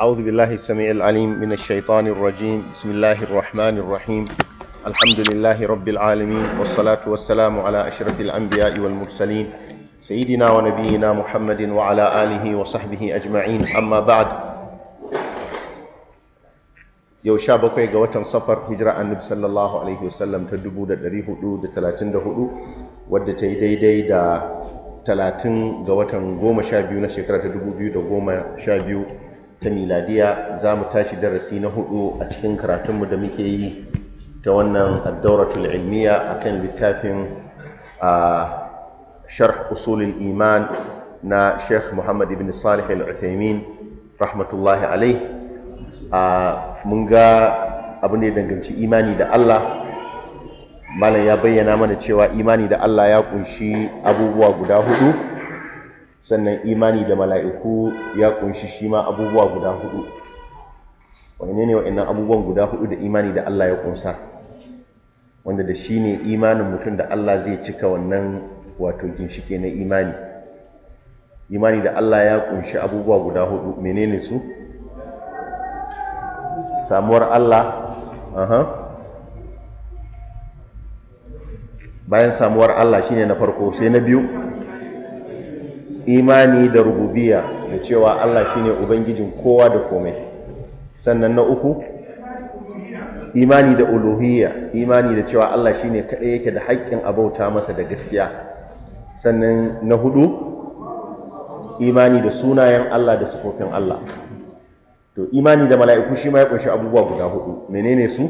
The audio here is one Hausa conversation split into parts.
أعوذ بالله السميع العليم من الشيطان الرجيم بسم الله الرحمن الرحيم الحمد لله رب العالمين والصلاة والسلام على أشرف الأنبياء والمرسلين سيدنا ونبينا محمد وعلى آله وصحبه أجمعين أما بعد yau sha bakwai ga watan safar hijira annabi sallallahu alaihi wasallam ta dubu da ɗari hudu da talatin da hudu wadda ta daidai da talatin ga watan goma sha biyu na shekara ta dubu biyu da goma sha biyu ta miladiya za mu tashi darasi na hudu a cikin karatunmu da muke yi ta wannan addauratul ilmiya akan littafin a shar usulul iman na sheikh muhammad ibn salih al-uthaymin rahmatullahi alaih a mun ga abu ne danganci imani da allah malam ya bayyana mana cewa imani da allah ya kunshi abubuwa guda hudu sannan imani da mala'iku ya kunshi shi ma abubuwa guda hudu wane ne wa'annan abubuwan guda hudu da imani da Allah ya kunsa wanda da shi ne imanin mutum da Allah zai cika wannan wato ginshike na imani imani da Allah ya kunshi abubuwa guda hudu menene su samuwar Allah bayan samuwar Allah shine na farko sai na biyu imani da rububiya da cewa Allah shine ubangijin kowa da komai sannan na uku imani da uluhiyya imani da cewa Allah shine kaɗai yake da haƙƙin abauta masa da gaskiya sannan na hudu imani da sunayen Allah da sifofin Allah to imani da mala'iku shi ma ya kunshi abubuwa guda hudu menene su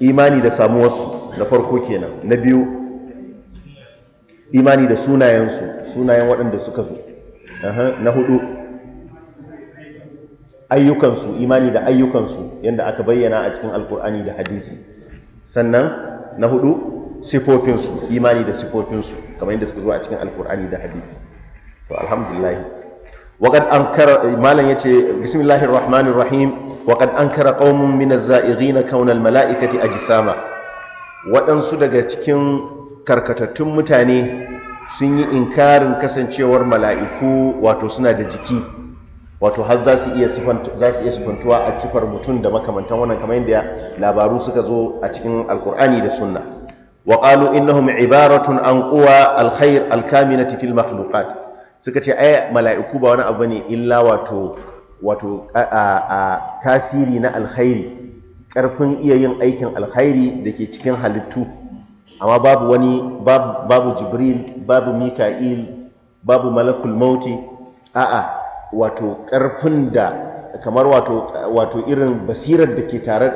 imani da samuwarsu na farko kenan na biyu imani da sunayensu sunayen waɗanda suka zo na hudu ayyukansu imani da ayyukansu yadda aka bayyana a cikin alkur'ani da hadisi sannan na hudu sifofinsu imani da sifofinsu kamar yadda suka zo a cikin alkur'ani da hadisi to alhamdulillah وقد أنكر مالا يتي بسم الله الرحمن الرحيم وقد أنكر قوم من الزائغين كون الملائكة أجساما وأنسو دقا تكين karkatattun mutane sun yi inkarin kasancewar mala'iku wato suna da jiki wato har za su iya sufantuwa a cifar mutum da makamantan wannan kamar yadda labaru suka zo a cikin alkur'ani da sunna wa qalu innahum ibaratun an quwa alkhair alkaminati fil makhluqat suka ce ai mala'iku ba wani abu ne illa wato a tasiri na alkhairi karfin iya yin aikin alkhairi da ke cikin halittu amma babu wani babu, jibril babu mika'il babu malakul mauti a'a wato karfin da kamar wato irin basirar da ke tare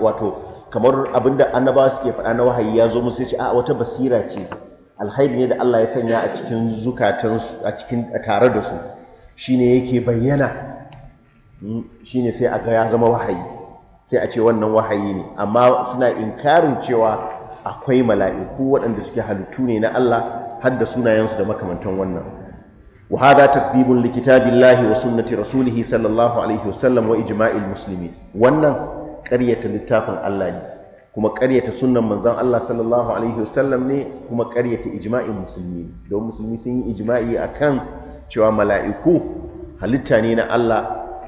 wato kamar abinda annabawa suke faɗa na wahayi ya zo musu sai ce a wata basira ce alhaidi ne da Allah ya sanya a cikin su a cikin tare da su shine yake bayyana hmm, shine sai a ga ya zama wahayi sai a ce wannan wahayi ne amma suna inkarin cewa akwai mala'iku waɗanda suke halittu ne na Allah hadda sunayensu da makamantan wannan wa hadha likita li kitabillahi wa sunnati rasulihi sallallahu alaihi wasallam wa ijma'il musulmi, wannan ƙaryata littafin Allah ne kuma ƙaryata sunan manzon Allah sallallahu alaihi wasallam ne kuma ƙaryata ijma'in musulmi don musulmi sun yi ijma'i akan cewa mala'iku halitta ne na Allah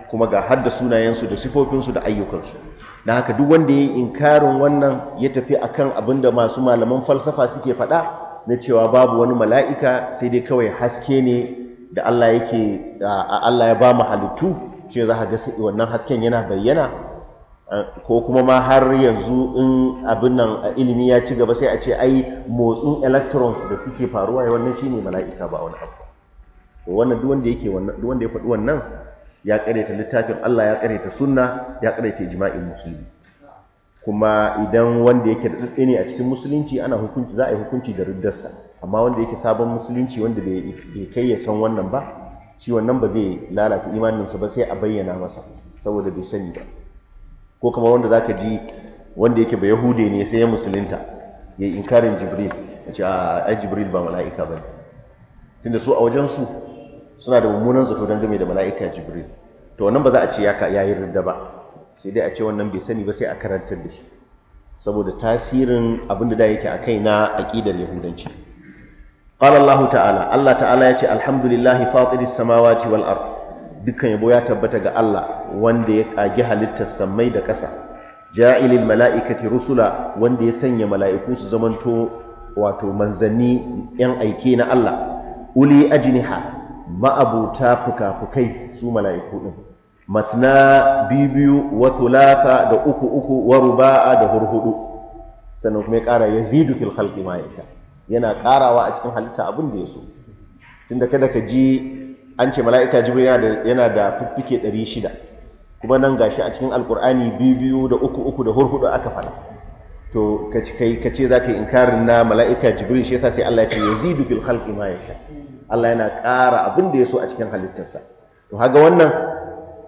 kuma ga hadda sunayensu da sifofinsu da ayyukansu da haka duk wanda ya yi inkarin wannan ya tafi akan abin da masu malaman falsafa suke faɗa na cewa babu wani mala'ika sai dai kawai haske ne da Allah yake Allah ya ba mu halittu shi za ka ga wannan hasken yana bayyana ko kuma ma har yanzu in abin nan ilimi ya ci gaba sai a ce ai motsin electrons da suke faruwa wannan shine mala'ika ba wani abu wannan duk wanda ya faɗi wannan ya karyata littafin Allah ya karyata sunna ya karyata jima'in musulmi kuma idan wanda yake da ɗaɗɗe ne a cikin musulunci ana hukunci za a yi hukunci da ruddarsa amma wanda yake sabon musulunci wanda bai kai ya san wannan ba shi wannan ba zai lalata imaninsa ba sai a bayyana masa saboda bai sani ba ko kuma wanda zaka ji wanda yake ba yahude ne sai ya musulunta ya inkarin jibril a ce a jibril ba mala'ika ba ne tunda su a wajen su. suna da mummunan zato game da mala'ika jibril to wannan ba za a ce ya yi ridda ba sai dai a ce wannan bai sani ba sai a karantar da shi saboda tasirin abin da da yake a kai na aƙidar yahudanci qala allah ta'ala allah ta'ala ya ce alhamdulillahi fatiris samawati wal ard dukkan yabo ya tabbata ga allah wanda ya kage halittar samai da ƙasa ja'ilil mala'ikati rusula wanda ya sanya mala'iku su zamanto wato manzanni yan aike na Allah uli ajniha ma'abuta fuka-fukai su mala'iku ɗin mathna biyu wa thulatha da uku uku wa ruba'a da hurhudu sannan kuma ya ƙara ya zidu fil ma ya sha yana ƙarawa a cikin halitta abin da ya so tunda kada ka ji an ce mala'ika jibril yana da fiffike ɗari shida kuma nan gashi a cikin alkur'ani biyu biyu da uku uku da hurhudu aka faɗa. to ka ce za ka yi inkarin na mala'ika jibril shi yasa sai Allah ya ce yazidu fil khalqi ma yasha Allah yana ƙara abin da ya so a cikin halittarsa to haga wannan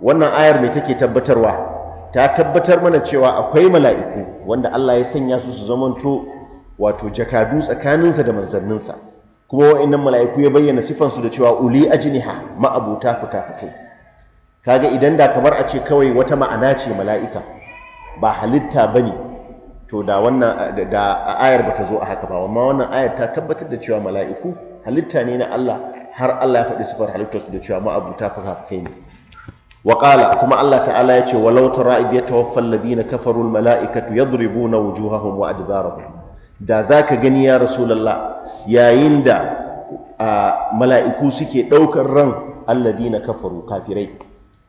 wannan ayar mai take tabbatarwa ta tabbatar mana cewa akwai mala'iku wanda Allah ya sanya su su zamanto wato jakadu tsakaninsa da manzanninsa kuma wa'annan mala'iku ya bayyana sifansu da cewa uli ajniha ma'abuta fuka-fukai kaga idan da kamar a ce kawai wata ma'ana ce mala'ika ba halitta bane to da wannan da ayar bata zo a haka ba amma wannan ayar ta tabbatar da cewa mala'iku halitta ne na Allah har Allah ya faɗi sifar halittarsu da cewa ma'abuta fuka-fukai ne waƙala kuma Allah ta'ala ya ce walau tara na yatawaffa alladhina kafaru almala'ikatu yadribuna wujuhahum wa adbarahum da zaka gani ya rasulullah yayin da mala'iku suke ɗaukar ran alladhina kafaru kafirai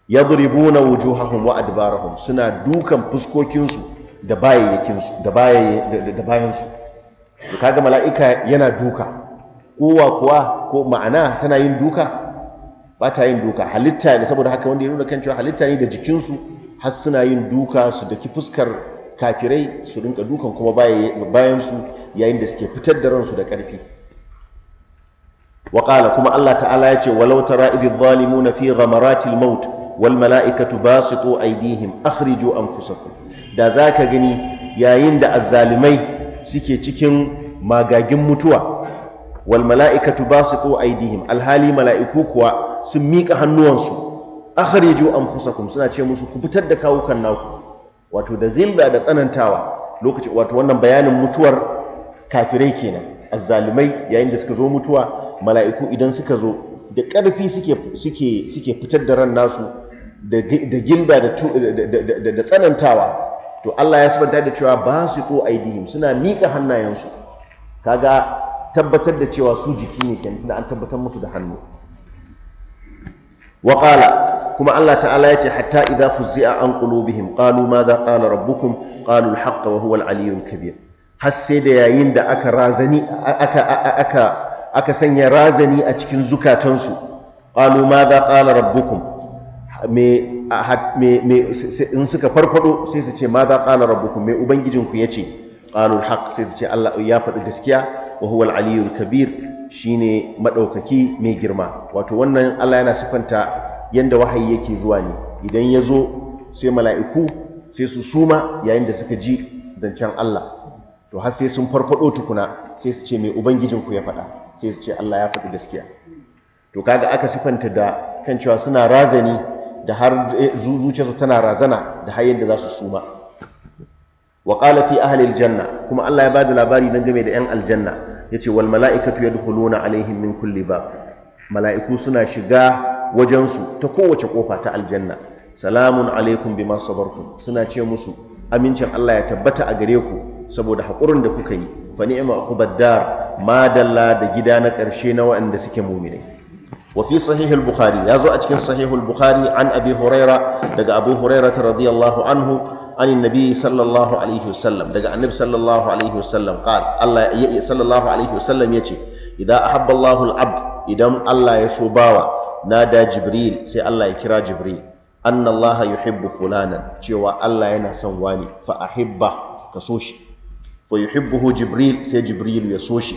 yadribuna wujuhahum wa adbarahum suna dukan fuskokinsu da bayayyakinsu da bayansu kaga mala'ika yana duka kowa kuwa ko ma'ana tana yin duka ba ta yin duka halitta ne saboda haka wanda ya nuna kan cewa halitta ne da jikinsu har suna yin duka su daki fuskar kafirai su rinka dukan kuma bayan su yayin da suke fitar da ransu da ƙarfi waƙala kuma Allah ta'ala ya ce walau tara idh zalimuna fi ghamaratil maut wal mala'ikatu basitu aydihim an anfusakum da zaka gani yayin da azalimai suke cikin magagin mutuwa wal mala'ikatu ko aydihim alhali mala'iku kuwa sun mika hannuwansu akhriju anfusakum suna ce musu ku fitar da kawukan naku wato da zilla da tsanantawa lokaci wato wannan bayanin mutuwar kafirai kenan azzalimai yayin da suka zo mutuwa mala'iku idan suka zo da ƙarfi suke fitar da ran nasu da gilda da tsanantawa to Allah ya sabanta da cewa ba su ko aidihim suna mika hannayensu kaga tabbatar da cewa su jiki ne kenan tunda an tabbatar musu da hannu waƙala kuma Allah ta'ala ya ce hatta idza fuzzi'a an qulubihim qalu za qala rabbukum qalu al wa huwa al kabir har sai da yayin da aka razani aka aka aka sanya razani a cikin zukatansu qalu za qala rabbukum me me me in suka farfado sai su ce za qala rabbukum me ubangijinku yace qalu al sai su ce Allah ya faɗi gaskiya wa huwa al-aliyyul kabir shine madaukaki mai girma wato wannan Allah yana sifanta yanda wahayi yake zuwa ne idan ya zo sai mala'iku sai su suma yayin da suka ji zancen Allah to har sai sun farfado tukuna sai su ce mai ubangijinku ya faɗa sai su ce Allah ya faɗi gaskiya to kaga aka sifanta da kan cewa suna razani da har eh, zuciyarsu tana razana da har yadda za su suma wa qala fi ahli aljanna kuma Allah ya bada labari dan game da yan aljanna Ya yace wal mala'ikatu yadkhuluna alaihim min kulli bab mala'iku suna shiga wajensu ta kowace kofa ta aljanna salamun alaikum bima sabartum suna ce musu amincin Allah ya tabbata a gare ku saboda haƙurin da kuka yi fa ni'ma uqbad dar madalla da gida na ƙarshe na waɗanda suke mu'minai وفي صحيح البخاري يازو a صحيح البخاري عن an abi-huraira daga abu رضي الله anhu. عن النبي صلى الله عليه وسلم دجا النبي صلى الله عليه وسلم قال الله صلى الله عليه وسلم يجي إذا أحب الله العبد إذا الله يسوباوا نادى جبريل سي الله يكرا جبريل أن الله يحب فلانا جوا الله ينسان واني فأحبه كسوشي فيحبه جبريل سي جبريل يسوشي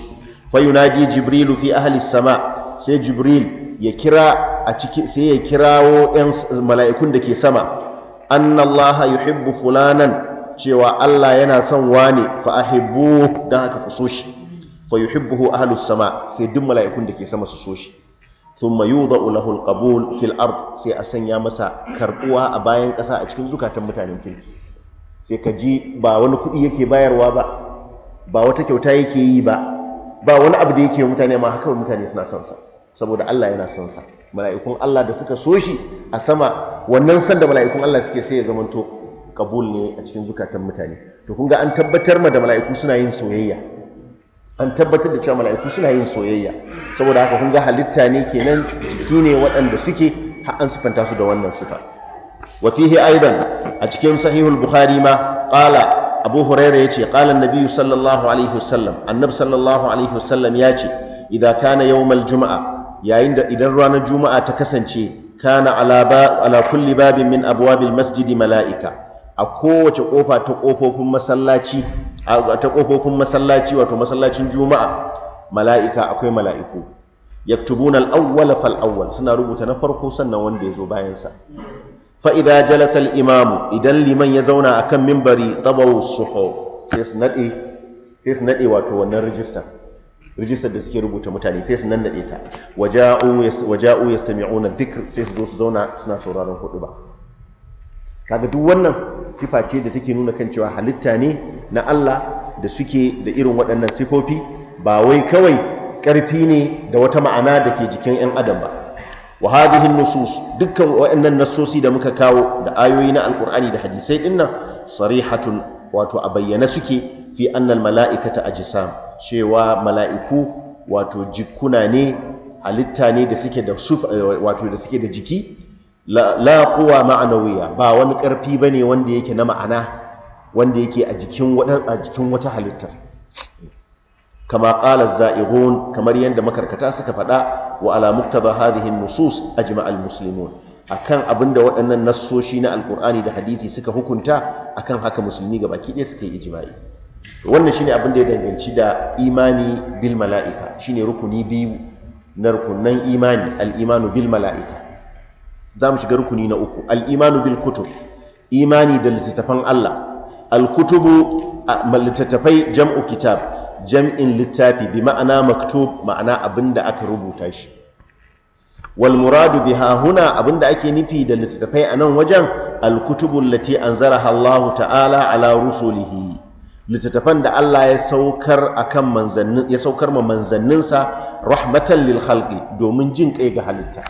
فينادي جبريل في أهل السماء سي جبريل يكرا أتكي سي يكراو ملائكون دكي سماء annallaha yuhibbu fulanan cewa Allah yana son wane fa ahibbu dan haka ku soshi. shi fa yuhibbuhu ahlus sama sai duk mala'ikun da ke sama su soshi. shi thumma yudha'u lahu alqabul fil ard sai a sanya masa karbuwa a bayan ƙasa a cikin zukatan mutanen kirki sai ka ji ba wani kuɗi yake bayarwa ba ba wata kyauta yake yi ba ba wani abu da yake mutane ma haka mutane suna son sa saboda Allah yana son sa mala'ikun Allah da suka so shi a sama wannan san da mala'ikun Allah suke sai ya zamanto kabul ne a cikin zukatan mutane to kun ga an tabbatar ma da mala'iku suna yin soyayya an tabbatar da cewa mala'iku suna yin soyayya saboda haka kun ga halitta ne kenan jiki ne waɗanda suke har an sifanta su da wannan sifa wa fihi aidan a cikin sahihul bukhari ma qala abu huraira yace qala an-nabi sallallahu alaihi wasallam annab sallallahu alaihi wasallam yace idza kana yawmal juma'a yayin da idan ranar juma'a ta kasance kana ala kulli babin min abwabil masjidi mala'ika a kowace kofa ta kofofin masallaci ta kofofin masallaci wato masallacin juma'a mala'ika akwai mala'iku yaktubuna al fal'awwal suna rubuta na farko sannan wanda ya zo bayansa. Fa'ida jalasar imamu idan liman ya zauna akan minbari tabawu suhuf sai su nade sai su nade wato wannan register rijistar da suke rubuta mutane sai su nan da ta waja'u yastami'una sai su zo su zauna suna sauraron hudu ba kaga duk wannan sifa ce da take nuna kan cewa halitta ne na Allah da suke da irin waɗannan sifofi ba wai kawai ƙarfi ne da wata ma'ana da ke jikin 'yan adam ba wa nusus dukkan waɗannan nassosi da muka kawo da ayoyi na Alƙur'ani da hadisai dinnan sarihatun wato a bayyana suke fi annal mala'ikata ajsam cewa mala'iku wato jikuna ne halitta ne da suke da eh, wato da suke da jiki la ma'ana wuya ba wani ƙarfi ba ne wanda yake na ma'ana wanda yake a jikin wata halittar kama qala za'irun kamar yadda makarkata suka faɗa wa ala musus a jima'al musulmi al kan abin da waɗannan nassoshi na Alƙur'ani da hadisi suka hukunta akan haka musulmi ga baki ɗaya suka yi ijima'i. wannan shine abin da ya danganci da imani bil mala'ika shine rukuni biyu na rukunan imani al'imanu bil mala'ika za mu shiga rukuni na uku al bil kutub imani da littattafan Allah al-kutubu littattafai jam'u kitab jam'in littafi bi ma'ana maktub ma'ana abinda aka rubuta shi wal muradu biha huna abinda ake nufi da littattafai anan wajen al-kutubu allati anzalaha Allah ta'ala ala rusulihi littattafan da Allah ya saukar akan manzannin ya saukar ma manzanninsa rahmatan lil khalqi domin jin kai ga halitta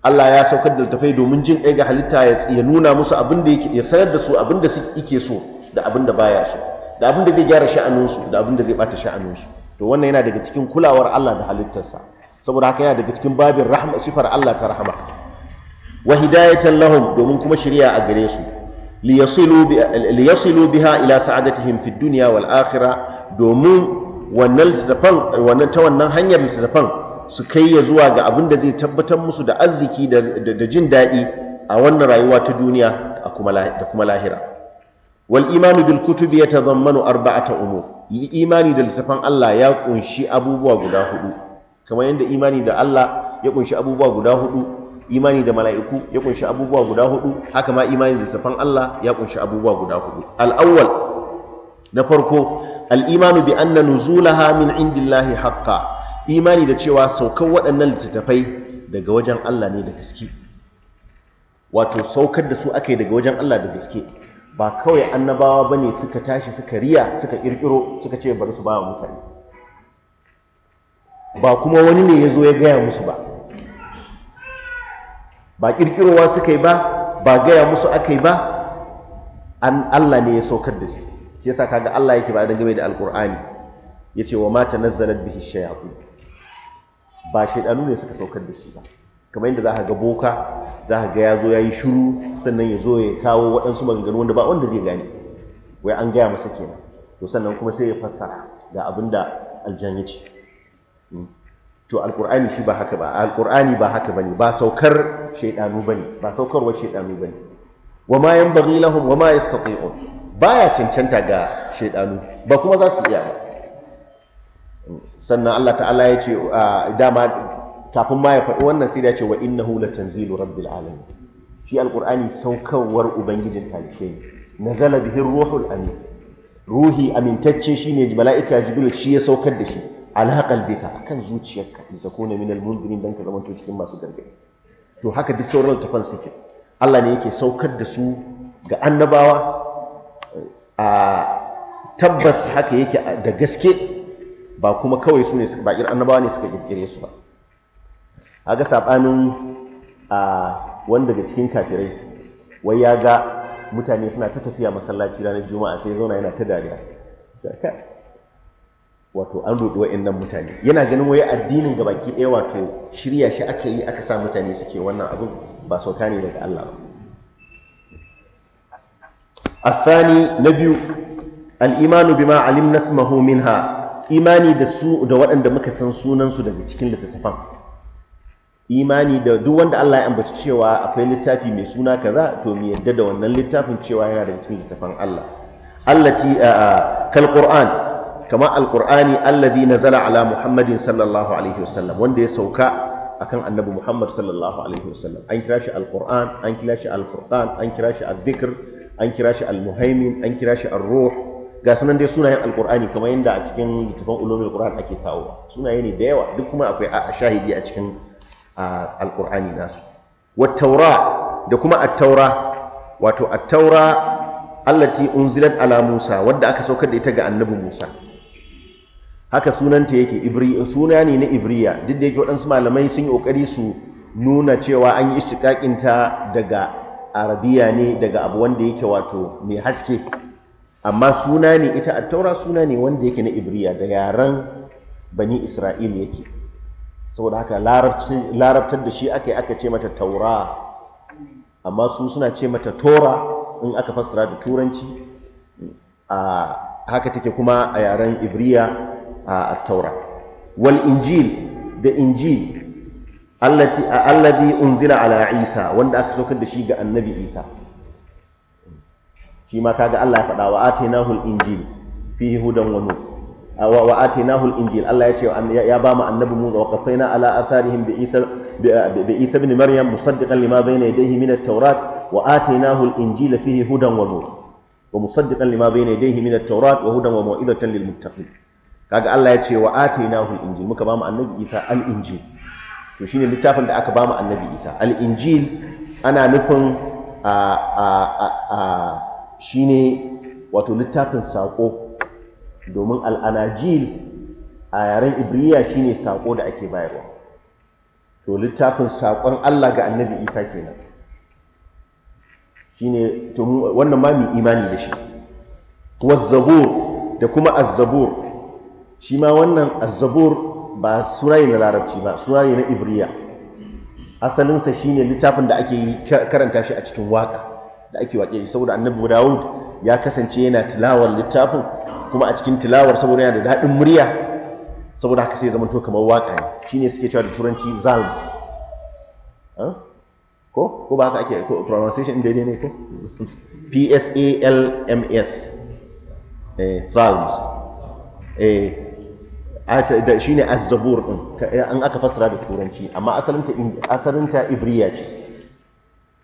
Allah ya saukar da littattafai domin jin kai ga halitta ya nuna musu abin da yake ya sanar da su abin da yake so da abin da baya so da abin da zai gyara sha'aninsu da abin da zai bata sha'aninsu to wannan yana daga cikin kulawar Allah da halittarsa saboda haka yana daga cikin babin rahma sifar Allah ta rahama wa hidayatan lahum domin kuma shari'a a gare su liyasilu biha ila sa'adatihim fi dunya wal akhirah domin wannan wannan ta wannan hanyar litattafan su kai ya zuwa ga abin da zai tabbatar musu da arziki da jin daɗi a wannan rayuwa ta duniya da kuma lahira wal imanu bil kutubi yatadammanu arba'ata umur imani da littattafan Allah ya kunshi abubuwa guda hudu kamar yadda imani da Allah ya kunshi abubuwa guda hudu imani da mala'iku ya kunshi abubuwa guda hudu haka ma imani da safan Allah ya kunshi abubuwa guda hudu al-awwal na farko al al-imanu bi anna nuzulaha min indillahi haqqa imani da cewa saukar waɗannan littattafai daga wajen Allah ne da gaske wato saukar da su aka yi daga wajen Allah da gaske ba kawai annabawa ne suka tashi suka riya suka kirkiro suka ce bari su ba mutane ba kuma wani ne ya zo ya gaya musu ba ba kirkirowa suka yi ba ba gaya musu aka yi ba an Allah ne ya saukar da su shi yasa kaga Allah yake ba dangane da ya ce wa mata nazarar bihi shayatin ba shaidanu ne suka saukar da shi ba kamar yadda za zaka ga boka za a ga ya zo yayi shiru sannan ya zo ya kawo waɗansu maganganu wanda ba wanda zai gane wai an gaya masa kenan to sannan kuma sai ya fassara ga abinda aljan ya ce to alkur'ani shi ba haka ba alkur'ani ba haka bane ba saukar shaydanu bane ba saukarwar shaydanu bane Wa wama yanbaghi lahum ma yastati'un baya cancanta ga shaydanu ba kuma za su iya ba sannan Allah ta'ala ya ce dama kafin ma ya faɗi wannan sai ya ce wa innahu latanzilu rabbil alamin shi alkur'ani saukarwar ubangijin talike ne nazala bihi ruhul amin ruhi amintacce shine mala'ika jibril shi ya saukar da shi ala qalbika akan zuciyarka in zakuna min al-mundirin dan ka zamanto cikin masu gargadi to haka duk sauran tafan suke Allah ne yake saukar da su ga annabawa a tabbas haka yake da gaske ba kuma kawai su ne annabawa ne suka kirkire su ba ga sabanin a wani daga cikin kafirai wai ya ga mutane suna ta tafiya masallaci ranar juma'a sai zauna yana ta dariya wato an rudu wa'annan mutane yana ganin wai addinin ga baki ɗaya wato shirya shi aka yi aka sa mutane suke wannan abin ba sauka ne daga Allah ba الثاني نبي الإيمان بما bima اسمه ha minha, da su da waɗanda muka san sunansu daga cikin littattafan imani da duk wanda Allah ya ambaci cewa akwai littafi mai suna kaza to mu yadda da wannan littafin cewa yana daga cikin littattafan Allah allati kal kama alqur'ani allazi nazala ala muhammadin sallallahu alaihi wasallam wanda ya sauka akan annabi muhammad sallallahu alaihi wasallam an kira shi alqur'an an kirashi shi alfurqan an kira shi azzikr an kira shi almuhaimin an kira shi arruh ga sunan dai sunayen alkur'ani kamar yadda a cikin littafin ulumul qur'an ake kawo sunaye ne da yawa duk kuma akwai a shahidi a cikin alkur'ani nasu wattaura da kuma attaura wato attaura allati unzilat ala musa wadda aka saukar da ita ga annabi musa haka sunanta yake suna ne na ibriya duk da yake waɗansu malamai sun yi ƙoƙari su nuna cewa an yi ishtiƙaƙinta daga arabiya ne daga abu wanda yake wato mai haske amma suna ne ita a taura suna ne wanda yake na ibriya da yaren bani isra'il yake saboda haka larabtar da shi aka yi aka ce mata taura amma su suna ce mata tora in aka fassara da turanci a haka take kuma a yaren ibriya a taura wal injil da injil allati alladhi unzila ala wanda aka saukar da shi ga annabi isa shi ma kaga Allah ya faɗa wa atainahu al injil fihi hudan wa nur wa atainahu al injil Allah ya ce ya ba mu annabi mu wa qafaina ala atharihim bi isa bi isa ibn maryam musaddiqan lima bayna yadayhi min at tawrat wa atainahu al injil fihi hudan wa nur wa musaddiqan lima bayna yadayhi min at wa hudan kaga Allah ya ce wa atainahu injil muka ba mu annabi Isa al-injil to shine littafin da aka ba mu annabi Isa al-injil ana nufin a a a shine wato littafin sako domin al-anajil a yaren ibriya shine sako da ake bayarwa to littafin sakon Allah ga annabi Isa kenan shine to wannan ma mai imani da shi wazzabur zabur da kuma az-zabur shi ma wannan azabur ba surayi na larabci ba surayi na ibriya asalinsa ne littafin da ake karanta shi a cikin waka da ake waƙe saboda annabi dawud ya kasance yana tilawar littafin kuma a cikin tilawar saboda yana da daɗin murya saboda haka sai zamanto kamar waka ne Shi ne suke cewa da turanci zalms ko ko ba haka ake ko pronunciation daidai ne ko p s a l m s eh zalms eh shi ne zabur din eh, an aka fassara da turanci amma asalinta asalinta ibriya ce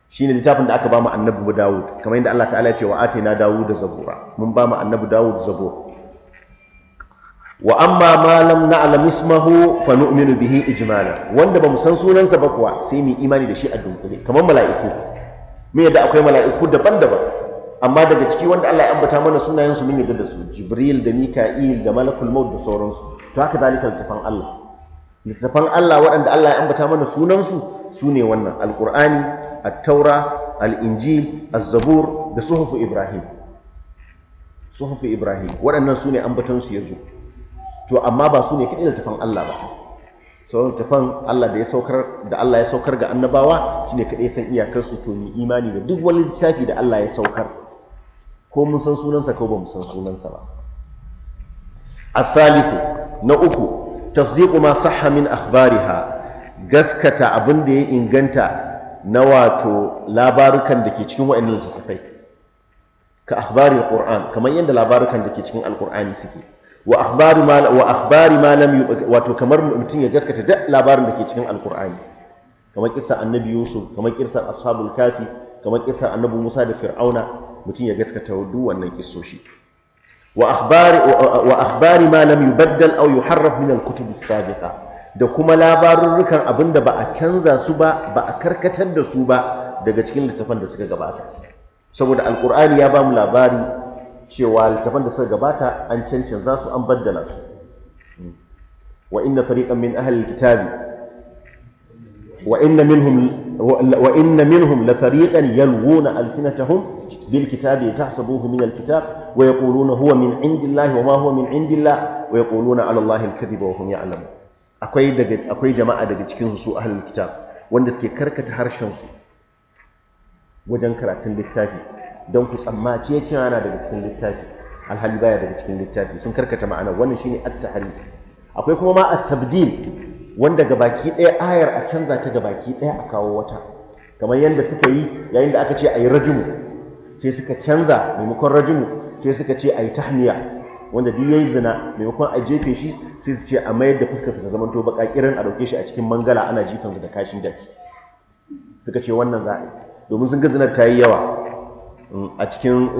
shine littafin da aka ba mu annabi Dawud kamar yadda Allah ta'ala ya ce wa atina Dawud da zabura mun ba mu annabi Dawud zabur wa amma ma lam na'lam ismahu fa nu'minu bihi ijmala wanda ba mu san sunansa ba kuwa sai mu imani da shi a dunkule kamar mala'iku me yadda akwai mala'iku daban-daban amma daga ciki wanda Allah ya ambata mana sunayen su mun yadda da su Jibril da Mika'il da Malakul Maut da sauransu to haka zalika littafan Allah littafan Allah waɗanda Allah ya ambata mana sunansu su ne wannan alƙur'ani at-taura al-injil az da suhufu ibrahim suhufu ibrahim waɗannan su ne ambatansu ya zo to amma ba su ne kaɗai littafan Allah ba sauran littafan Allah da ya saukar da Allah ya saukar ga annabawa shine kaɗai san iyakarsu to ni imani da duk wani littafi da Allah ya saukar ko mun san sunansa ko ba mu san sunansa ba athalithu na uku tasdiqu ma sahha min akhbariha gaskata abin da ya inganta na wato labarukan da ke cikin wa'annan littattafai ka akhbari alquran kamar yadda labarukan da ke cikin alqur'ani suke wa akhbari ma wa akhbari ma lam wato kamar mutum ya gaskata duk labarin da ke cikin alqur'ani kamar kissa annabi yusuf kamar kissa ashabul kafi kamar kissa annabi musa da fir'auna mutum ya gaskata duk wannan kissoshi wa وأخبار ما لم يبدل أو يحرف من al-kutub da kuma da kuma abin abinda ba a canza su ba ba a karkatar da su ba daga cikin littafan da suka gabata saboda alkur'ani ya ba mu labari cewa littafan da suka gabata an cancanza su an baddala su wa inna fariqan min ahli kitabi wa inna minhum وإن منهم لفريقا يلغون ألسنتهم بالكتاب لتحسبوه من الكتاب ويقولون هو من عند الله وما هو من عند الله ويقولون على الله الكذب وهم يعلمون akwai daga akwai jama'a daga cikin su ahlul kitab wanda suke karkata harshen su wajen karatun littafi don ku tsammaci ce cewa yana daga cikin littafi alhali baya daga cikin littafi sun karkata ma'ana wannan shine at-tahrif akwai kuma ma at-tabdil wanda baki ɗaya ayar a canza ta ga baki ɗaya a kawo wata kamar yadda suka yi yayin da aka ce a yi rajimu sai suka canza maimakon rajimu sai suka ce a yi tahniya wanda duk yi zina maimakon a jefe shi sai su ce a mayar da fuskarsa ta zamanto baka kirin a ɗauke shi a cikin mangala ana jifansa da kashin jaki suka ce wannan za a yi domin sun ga zinar ta yi yawa mm, a cikin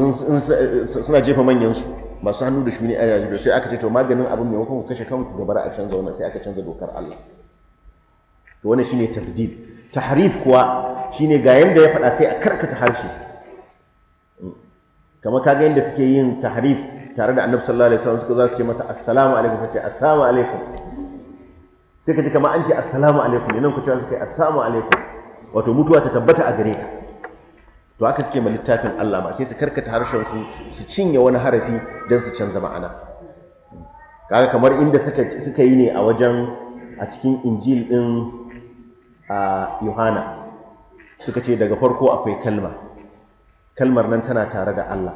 suna jefa manyansu masu hannu da shuni a yaji sai aka ce to maganin abin maimakon ku kashe kanku gaba a canza wannan sai aka canza dokar Allah to wannan shine tabdil tahrif kuwa shine ga yanda ya faɗa sai a karkata harshe kamar kaga yanda suke yin tahrif tare da annabi sallallahu alaihi wasallam suka za su ce masa assalamu alaikum sai ce assalamu alaikum sai ka ji kamar an ce assalamu alaikum ne nan ku ce suka yi assalamu alaikum wato mutuwa ta tabbata a gare ka to haka suke ma littafin Allah ma sai su karkata harshen su su cinye wani harafi don su canza ma'ana kaga kamar inda suka suka yi ne a wajen a cikin injil din a Yohana suka ce daga farko akwai kalma kalmar nan tana tare da Allah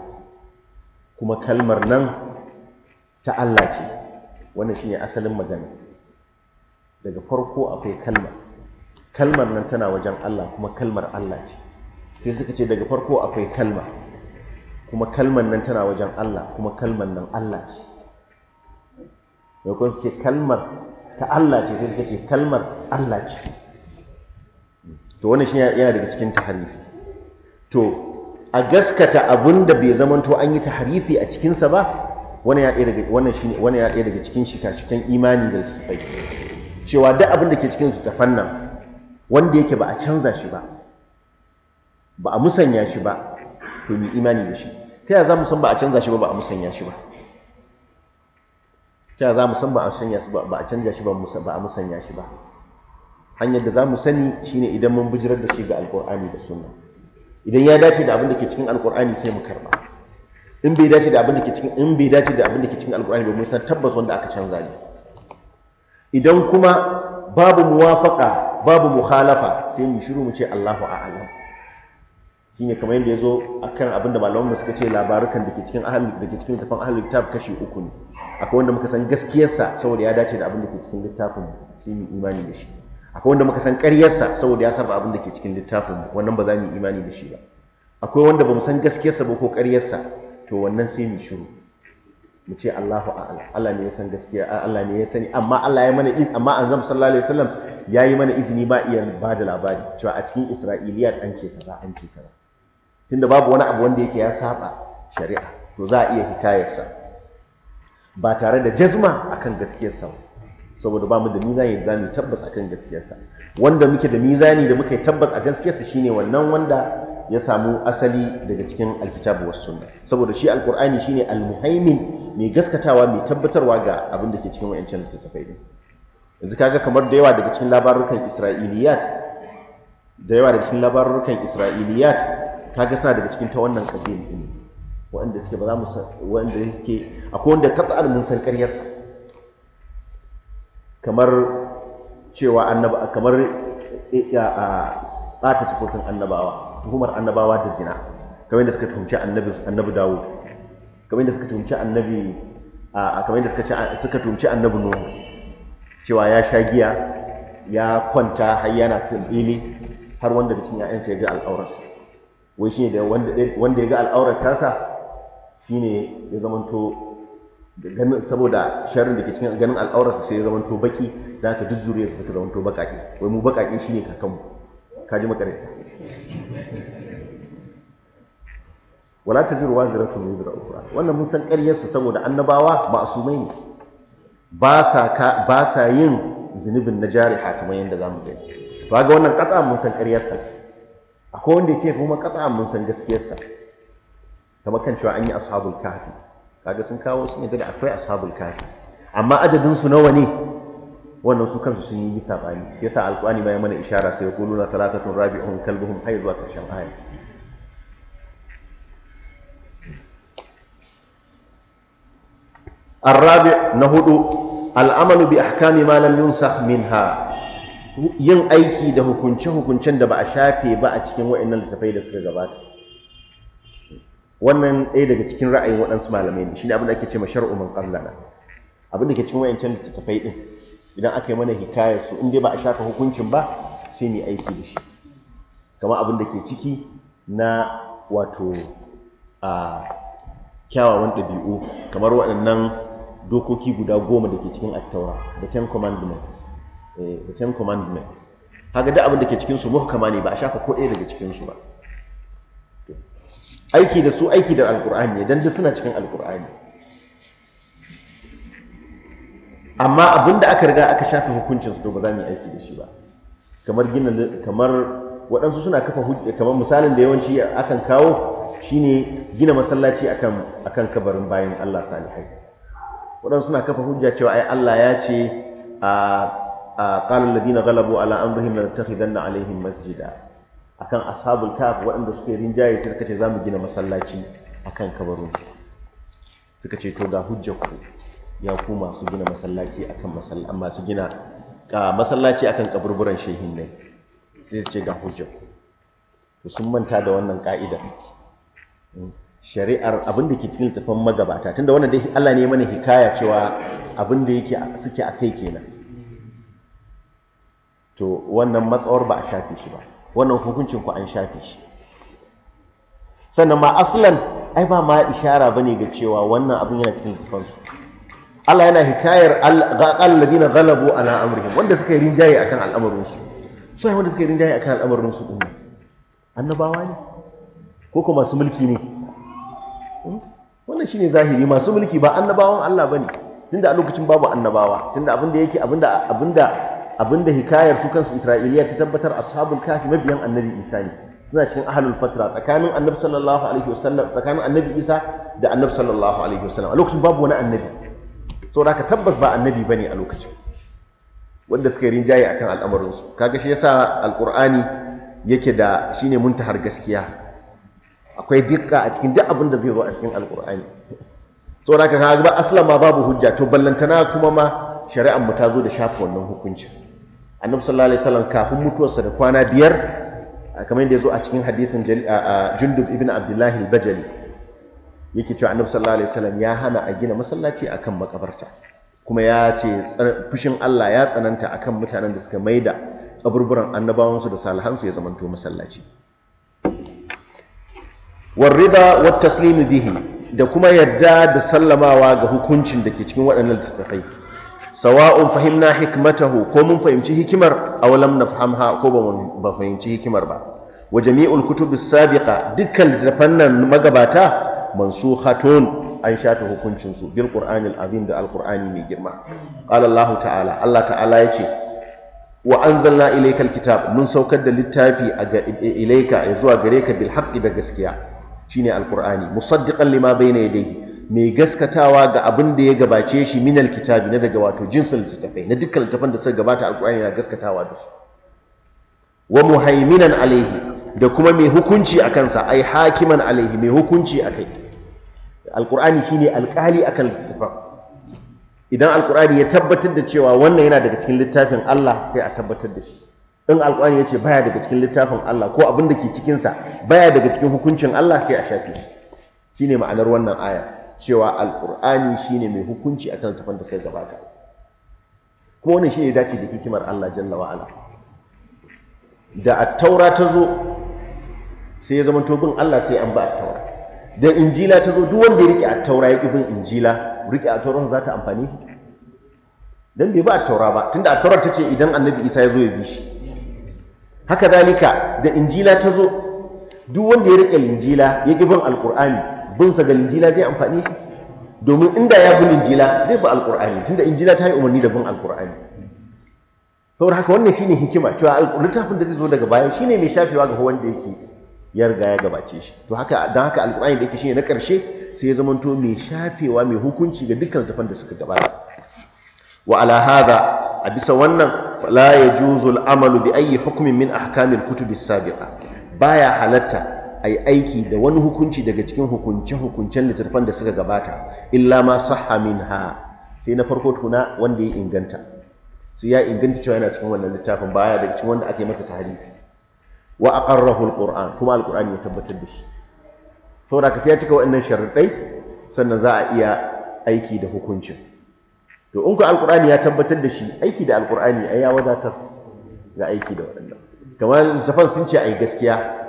kuma kalmar nan ta Allah ce wannan shine asalin magana daga farko akwai kalma kalmar nan tana wajen Allah kuma kalmar Allah ce sai suka ce daga farko akwai kalma kuma kalman nan tana wajen Allah kuma kalman nan Allah ce maimakon su ce kalmar ta Allah ce sai suka ce kalmar Allah ce to wani shi yana daga cikin taharifi to a gaskata abin da bai zamanto an yi taharifi a cikinsa ba wani ya ɗaya daga cikin shika-shikan imani da su cewa duk abin da ke cikin su ta fannan wanda yake ba a canza shi ba ba a musanya shi ba to mu imani da shi ta yaya za mu san ba a canza shi ba ba a musanya shi ba ta yaya za mu san ba a sanya shi ba ba a canza shi ba ba a musanya shi ba hanyar da za mu sani shine idan mun bijirar da shi ga alkur'ani da sunna idan ya dace da abin da ke cikin alkur'ani sai mu karba in bai dace da abin da ke cikin in bai dace da abin da ke cikin alkur'ani ba mun san tabbas wanda aka canza ne idan kuma babu muwafaqa babu mukhalafa sai mu shiru mu ce Allahu a'lam shine kamar yadda ya zo a kan abin da malamanmu suka ce labarukan da ke cikin da ke cikin littafin ahalin littaf kashi uku ne akwai wanda muka san gaskiyarsa saboda ya dace da abin da ke cikin littafin shi ne imani da shi akwai wanda muka san ƙaryarsa saboda ya saba abin da ke cikin littafin wannan ba za mu yi imani da shi ba akwai wanda ba mu san gaskiyarsa ba ko ƙaryarsa to wannan sai mu shiru mu ce Allahu a'ala Allah ne ya san gaskiya Allah ne ya sani amma Allah ya mana amma annabi sallallahu alaihi wasallam yayi mana izini ba iya ba da labari cewa a cikin Isra'iliyat an ce kaza an ce kaza tunda babu wani abu wanda yake ya saba shari'a to za a iya hikayarsa ba tare da jazma akan gaskiyarsa saboda ba mu da mizani da zamu tabbas akan gaskiyarsa wanda muke da mizani da muke tabbas a gaskiyarsa shine wannan wanda ya samu asali daga cikin alkitabu wasu sunna saboda shi alqur'ani shine almuhaimin mai gaskatawa mai tabbatarwa ga abin da ke cikin wayancan littattafai din yanzu kaga kamar da yawa daga cikin labarukan isra'iliyat da yawa daga cikin labarukan isra'iliyat Ta ga suna daga cikin ta wannan ƙabi'in ɗin waɗanda suke ba za mu san waɗanda yake akwai wanda kat'an mun san ƙaryarsa kamar cewa annaba kamar eh, a ɓata sifofin annabawa tuhumar annabawa da zina kamar yadda suka tuhumci annabi annabi dawud kamar yadda suka tuhumci annabi kamar yadda suka suka tuhumci annabi nuhu cewa ya sha giya ya kwanta har yana tambili har wanda bikin ya'yansa ya ga al'aurarsa wai shi da wanda ya ga al'aurar tasa shine ya zamanto ganin saboda sharrin da ke cikin ganin al'aurarsa sai ya zamanto baki da haka duk zuriyarsa suka zamanto bakaki wai mu bakaki shine kakanmu kaji makaranta wala ta taziru waziratun wizra ukura wannan mun san ƙaryarsa saboda annabawa ba su mai ne. ba sa yin zunubin na jariha kamar yadda mu gani Ba ga wannan ƙasa mun san ƙaryarsa akwai wanda yake kuma katsa mun san gaskiyarsa kamar kan cewa an yi ashabul kafi kaga sun kawo sun yadda da akwai ashabul kafi amma adadin su nawa ne wannan su kansu sun yi sabani shi yasa alqur'ani ma ya mana ishara sai yaquluna thalathatun rabi'uhum kalbuhum hayy zuwa karshen aya الرابع نهدو العمل بأحكام ما لم ينسخ منها yin aiki da hukunce-hukuncen da ba a shafe ba a cikin wa'annan lissafai da suka gabata wannan ɗaya daga cikin ra'ayin waɗansu malamai ne shine abin da ake ce mashar umar man abin da ke cikin wa'ancan suka din idan aka yi mana hikayar su in dai ba a shafe hukuncin ba sai mu aiki da shi kamar abin da ke ciki na wato a kyawawan ɗabi'u kamar waɗannan dokoki guda goma da ke cikin attaura da ten commandments the eh, ten commandments haka duk abin da ke cikin su muhkama ne ba a shafa ko ɗaya daga cikin su ba aiki da su aiki da alkur'ani ne don duk suna cikin alkur'ani amma abin da aka riga aka shafa hukuncin su to ba za mu yi aiki da shi ba kamar gina kamar waɗansu suna kafa hujja kamar misalin da yawanci akan kawo shine gina masallaci akan akan kabarin bayan Allah salihai waɗansu suna kafa hujja cewa ai Allah ya ce a qala alladhina ghalabu ala amrihim lanattakhidanna alaihim masjida akan ashabul kaf waɗanda suka yi rinjaye sai suka ce za mu gina masallaci a akan kabarinsu suka ce to ga hujjar ya ku masu gina masallaci a kan masu gina ka masallaci akan kaburburan shehin ne sai su ce ga hujjar to sun manta da wannan ka'idar, shari'ar abin da ke cikin littafin magabata tunda wannan dai Allah ne mana hikaya cewa abin da yake suke kai kenan to wannan matsawar ba a shafe shi ba wannan hukuncin ku an shafe shi sannan ma aslan ai ba ma ishara bane ga cewa wannan abin yana cikin littafansu Allah yana hikayar alladhina ghalabu ala amrihim wanda suka yi rinjaye akan al'amarin su so ai wanda suka yi rinjaye akan al'amarin su din annabawa ne ko kuma masu mulki ne hmm? wannan shine zahiri masu mulki ba annabawan Allah bane tunda a lokacin babu annabawa tunda abinda yake abinda abinda abinda hikayar su kansu isra'iliya ta tabbatar ashabul kafi mabiyan annabi isa ne suna cikin ahlul fatra tsakanin annabi sallallahu alaihi wasallam tsakanin annabi isa da annabi sallallahu alaihi wasallam a lokacin babu wani annabi saboda ka tabbas ba annabi bane a lokacin wanda suka rinjaye akan al'amarin su kaga shi yasa alqur'ani yake da shine muntahar gaskiya akwai dukka a cikin duk abin da zai zo a cikin alqur'ani saboda ka kaga ba aslama babu hujja to ballantana kuma ma shari'an mu ta zo da shafa wannan hukuncin annabi sallallahu alaihi wasallam kafin mutuwarsa da kwana biyar kamar yadda ya zo a cikin hadisin jundub ibn abdullahi al-bajali yake cewa annabi sallallahu alaihi wasallam ya hana a gina masallaci akan makabarta kuma ya ce fushin Allah ya tsananta akan mutanen da suka maida kaburburan annabawansu da salihansu ya zamanto masallaci warrida wat taslimu bihi da kuma yadda da sallamawa ga hukuncin da ke cikin waɗannan littattafai sawa'un fahimna hikmatahu ko mun fahimci hikimar aw lam nafhamha ko ba fahimci hikimar ba wa jami'ul kutubis sabiqa dukkan littafan nan magabata mansukhatun an shafi hukuncin su bil qur'anil azim da alqur'ani mai girma qala allah ta'ala allah ta'ala yace wa anzalna ilayka kitab mun saukar da littafi ilayka zuwa gare ka bil haqqi da gaskiya shine alqur'ani musaddiqan lima bayna yadayhi mai gaskatawa ga abin da ya gabace shi minal kitabi na daga wato jinsin littattafai na dukkan littattafan da suka gabata alkur'ani na gaskatawa da su wa muhaiminan alaihi da kuma mai hukunci a kansa ai hakiman alaihi mai hukunci a kai alkur'ani shine alkali akan littattafan idan alkur'ani ya tabbatar da cewa wannan yana daga cikin littafin Allah sai a tabbatar da shi in alkur'ani ya ce baya daga cikin littafin Allah ko abin da ke cikinsa baya daga cikin hukuncin Allah sai a shafe shi shine ma'anar wannan aya cewa alƙur'ani shine mai hukunci akan tafan da sai gabata kuma wannan shine dace da hikimar Allah jalla wa'ala. da at-taura ta zo sai ya zama tobin Allah sai an ba a taura da injila ta zo duk wanda ya rike a taura ya ki bin injila rike a taura za ta amfani shi dan bai ba a taura ba tunda a taura ta ce idan annabi Isa ya zo ya bi shi haka zalika da injila ta zo duk wanda ya rike injila ya ki bin alƙur'ani sa ga linjila zai amfani shi domin inda ya bi linjila zai bi alkur'ani tunda injila ta yi umarni da bin alkur'ani saboda haka wannan shine hikima cewa littafin da zai zo daga baya shine mai shafewa ga wanda yake yarga ya gabace shi to haka dan haka alkur'ani da yake shine na karshe sai ya zamanto mai shafewa mai hukunci ga dukkan tafan da suka gabata wa ala hada a bisa wannan fala yajuzu al-amalu bi ayyi hukmin min ahkamil kutubi sabiqa baya halatta a yi aiki da wani hukunci daga cikin hukunce-hukuncen littattafan da suka gabata illa ma sahha ha sai na farko tuna wanda ya inganta sai ya inganta cewa yana cikin wannan littafin baya daga cikin wanda ake masa tarihi wa aqarrahu alquran kuma alquran ya tabbatar da shi saboda ka sai ya cika waɗannan sharuɗai sannan za a iya aiki da hukuncin to in ku alqurani ya tabbatar da shi aiki da alqurani ai ya wadatar ga aiki da waɗanda. kamar littafan sun ce ai gaskiya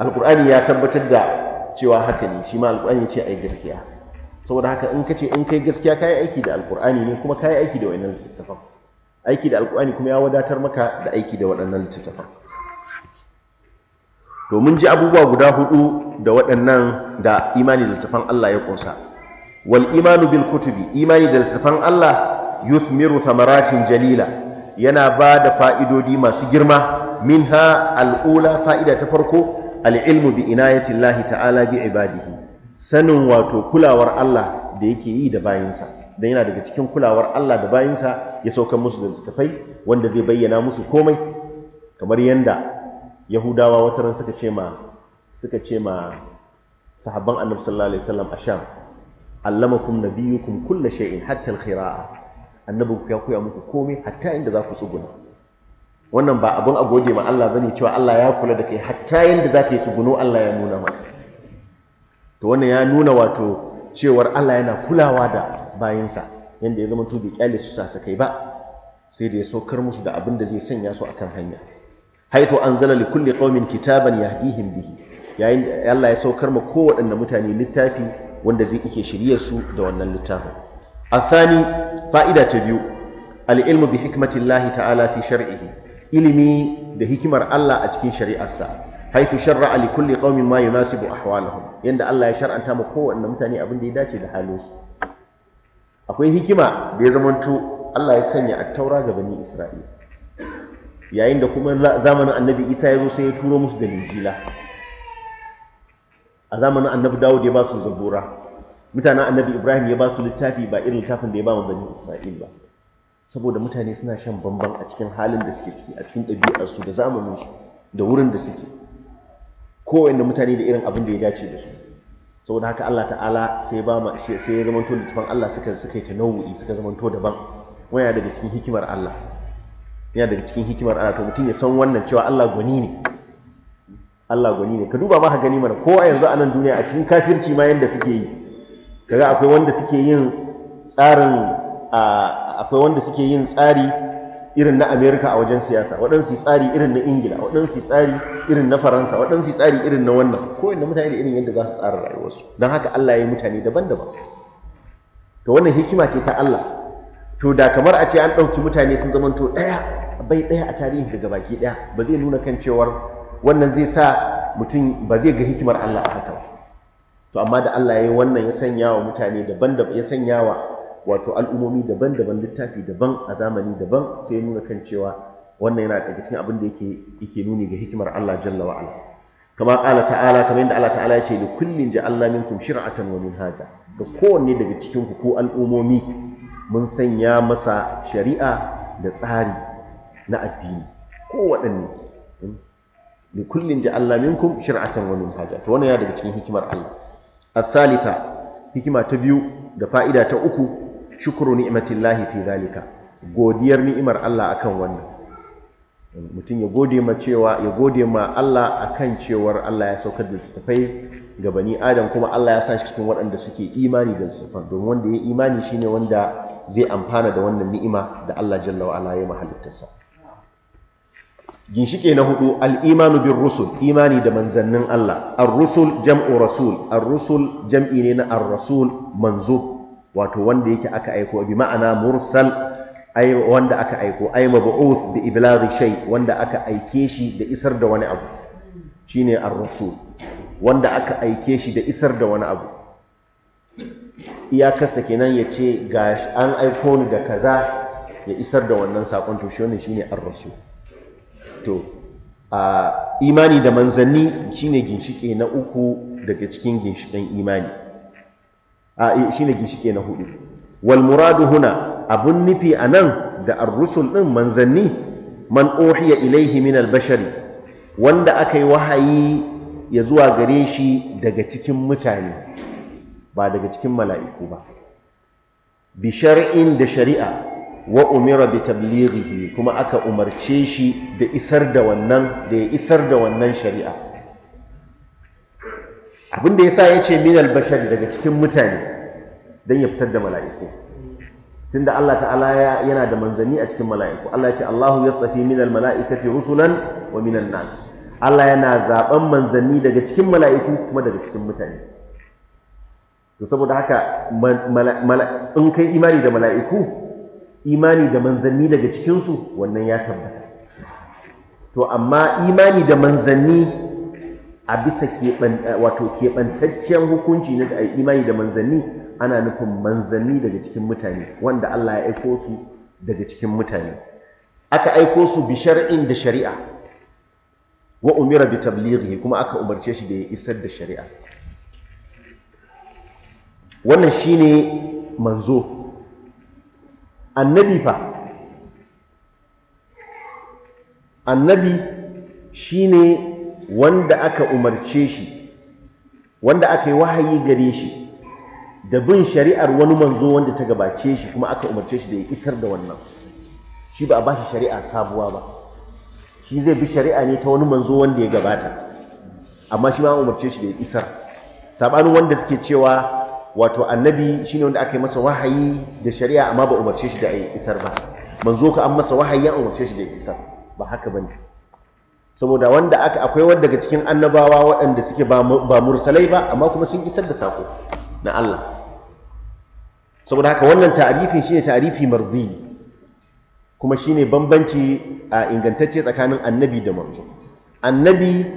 alkur'ani ya tabbatar da cewa haka ne shi ma alkur'ani ce ai gaskiya saboda haka in ka ce in kai gaskiya yi aiki da alkur'ani ne kuma yi aiki da wayannan littattafan aiki da alkur'ani kuma ya wadatar maka da aiki da waɗannan littattafan to mun ji abubuwa guda hudu da waɗannan da imani da littattafan Allah ya kunsa wal imanu bil kutubi imani da littattafan Allah yuthmiru thamaratin jalila yana ba da fa'idodi masu girma minha al'ula fa'ida ta farko al'ilmu bi inayatillahi ta'ala bi ibadihi sanin wato kulawar Allah da yake yi da bayansa. don yana daga cikin kulawar Allah da bayinsa ya sauka musu da littattafai wanda zai bayyana musu komai kamar yadda yahudawa wata ran suka ce ma suka ce ma sahabban annabi sallallahu alaihi wasallam asham allamakum nabiyukum kulla shay'in hatta al-khira'a annabi ya koya muku komai hatta inda za ku tsuguna wannan ba abin a gode ma Allah bane cewa Allah ya kula da kai hatta yanda zaka yi tsuguno Allah ya nuna maka to wannan ya nuna wato cewar Allah yana kulawa da bayansa yanda ya zama to bai kyale su sakai ba sai da ya saukar musu da abin da zai sanya su akan hanya haithu anzala li kulli qaumin kitaban yahdihim bihi yayin Allah ya saukar ma kowaɗanne mutane littafi wanda zai ike shirye su da wannan littafin athani fa'ida ta biyu al-ilmu bi hikmatillahi ta'ala fi shar'ihi ilimi da hikimar Allah a cikin shari'arsa haifu shar'a li kulli qaumin ma yunasibu ahwalahum yanda Allah ya shar'anta ma kowanne mutane abin da ya dace da halinsu akwai hikima da ya zamanto Allah ya sanya at-taura ga bani Isra'ila yayin da kuma zamanin Annabi Isa ya zo sai ya turo musu da Injila a zamanin Annabi Dawud ya ba su zabura mutanen Annabi Ibrahim ya ba su littafi ba irin littafin da ya ba mu bani Isra'il ba saboda mutane suna shan bamban a cikin halin da suke ciki a cikin ɗabi'arsu da zamaninsu da wurin da suke kowanne mutane da irin abin da ya dace da su saboda haka Allah ta'ala sai ba ma sai ya zamanto littafin Allah suka suka yi tanawu'i suka zamanto daban waya daga cikin hikimar Allah yana daga cikin hikimar Allah to mutum ya san wannan cewa Allah gwani ne Allah gwani ne ka duba ma ka gani mana kowa yanzu a nan duniya a cikin kafirci ma yanda suke yi kaga akwai wanda suke yin tsarin a akwai wanda suke yin tsari irin na amerika a wajen siyasa waɗansu tsari irin na ingila waɗansu tsari irin na faransa waɗansu tsari irin na wannan ko inda mutane da irin yadda za su tsara rayuwarsu don haka allah ya yi mutane daban-daban to wannan hikima ce ta allah to da kamar a ce an ɗauki mutane sun zamanto ɗaya bai ɗaya a tarihi daga baki ɗaya ba zai nuna kan cewar wannan zai sa mutum ba zai ga hikimar allah a haka ba. to amma da allah ya yi wannan ya sanya wa mutane daban-daban ya sanya wa wato al'ummomi daban-daban littafi daban a zamani daban sai nuna kan cewa wannan yana daga cikin abin da yake yake nuni ga hikimar Allah jalla wa ala kama qala ta'ala kamar yadda Allah ta'ala ya ce li kullin ja'alna minkum shir'atan wa minhaja ga kowanne daga cikin ku ko al'ummomi mun sanya masa shari'a da tsari na addini ko waɗanne hmm? li kullin ja'alna minkum shir'atan wa minhaja to wannan yana daga cikin hikimar Allah al-thalitha hikima ta biyu da fa'ida ta uku Shukuru ni'matillahi fi zalika godiyar ni'imar Allah akan wannan mutum ya gode ma cewa ya gode ma Allah akan cewar Allah ya saukar da tafai ga bani Adam kuma Allah ya sa shi cikin waɗanda suke imani da tafai. domin wanda ya imani shine wanda zai amfana da wannan ni'ima da Allah jalla wa ala ya mahalittarsa ginshike na hudu al-imanu bir rusul imani da manzannin Allah ar-rusul jam'u rasul ar-rusul jam'i ne na ar-rasul manzo wato wanda yake aka aiko bi ma'ana mursal ay wanda aka aiko ay mab'uth bi iblaghi shay wanda aka aike shi da isar da wani abu shine ar rusul wanda aka aike shi da isar da wani abu iyakarsa kenan ya ce ga an aiko ni da kaza ya isar da wannan sakon to shi shine ar rusul to a imani da manzanni shine ginshike na uku daga cikin ginshiken imani a e, ne ginshike na hudu wal muradu huna abun nufi a nan da ar-rusul din manzanni man ohiya ilaihi min al wanda aka yi wahayi ya zuwa gare shi daga cikin mutane ba daga cikin mala'iku ba bi shar'in da shari'a wa umira bi tablighihi kuma aka umarce shi da ya isar da wannan shari'a abin da ya sa ya ce minal bashari daga cikin mutane don ya fitar da mala'iku tunda Allah ta'ala yana da manzanni a cikin mala'iku Allah ya ce Allahu yastafi minal mala'ikati rusulan wa minan nas Allah yana zaben manzanni daga cikin mala'iku kuma daga cikin mutane to saboda haka in kai imani da mala'iku imani da manzanni daga cikinsu wannan ya tabbata to amma imani da manzanni a bisa eh, wato keɓantaccen hukunci na imani da manzanni ana nufin manzanni daga cikin mutane wanda Allah ya aiko su daga cikin mutane aka aiko su bi shari'in da shari'a wa umira bi tablighi kuma aka umarce shi da ya isar da shari'a wannan shine manzo annabi fa annabi shine wanda aka umarce shi wanda aka yi wahayi gare shi da bin shari'ar wani manzo wanda ta gabace shi kuma aka umarce shi da ya isar da wannan shi ba a ba shi shari'a sabuwa ba shi zai bi shari'a ne ta wani manzo wanda ya gabata amma shi ma umarce shi da ya isar sabanin wanda suke cewa wato annabi shine wanda aka yi masa wahayi da shari'a amma ba umarce shi da ya isar ba manzo ka an masa wahayi ya umarce shi da ya isar ba haka bane saboda wanda aka akwai wanda daga cikin annabawa waɗanda suke ba mursalai ba amma kuma sun isar da sako na Allah saboda haka wannan ta'arifin shine ta'arifi marzi kuma shine bambanci a ingantacce tsakanin annabi da manzo annabi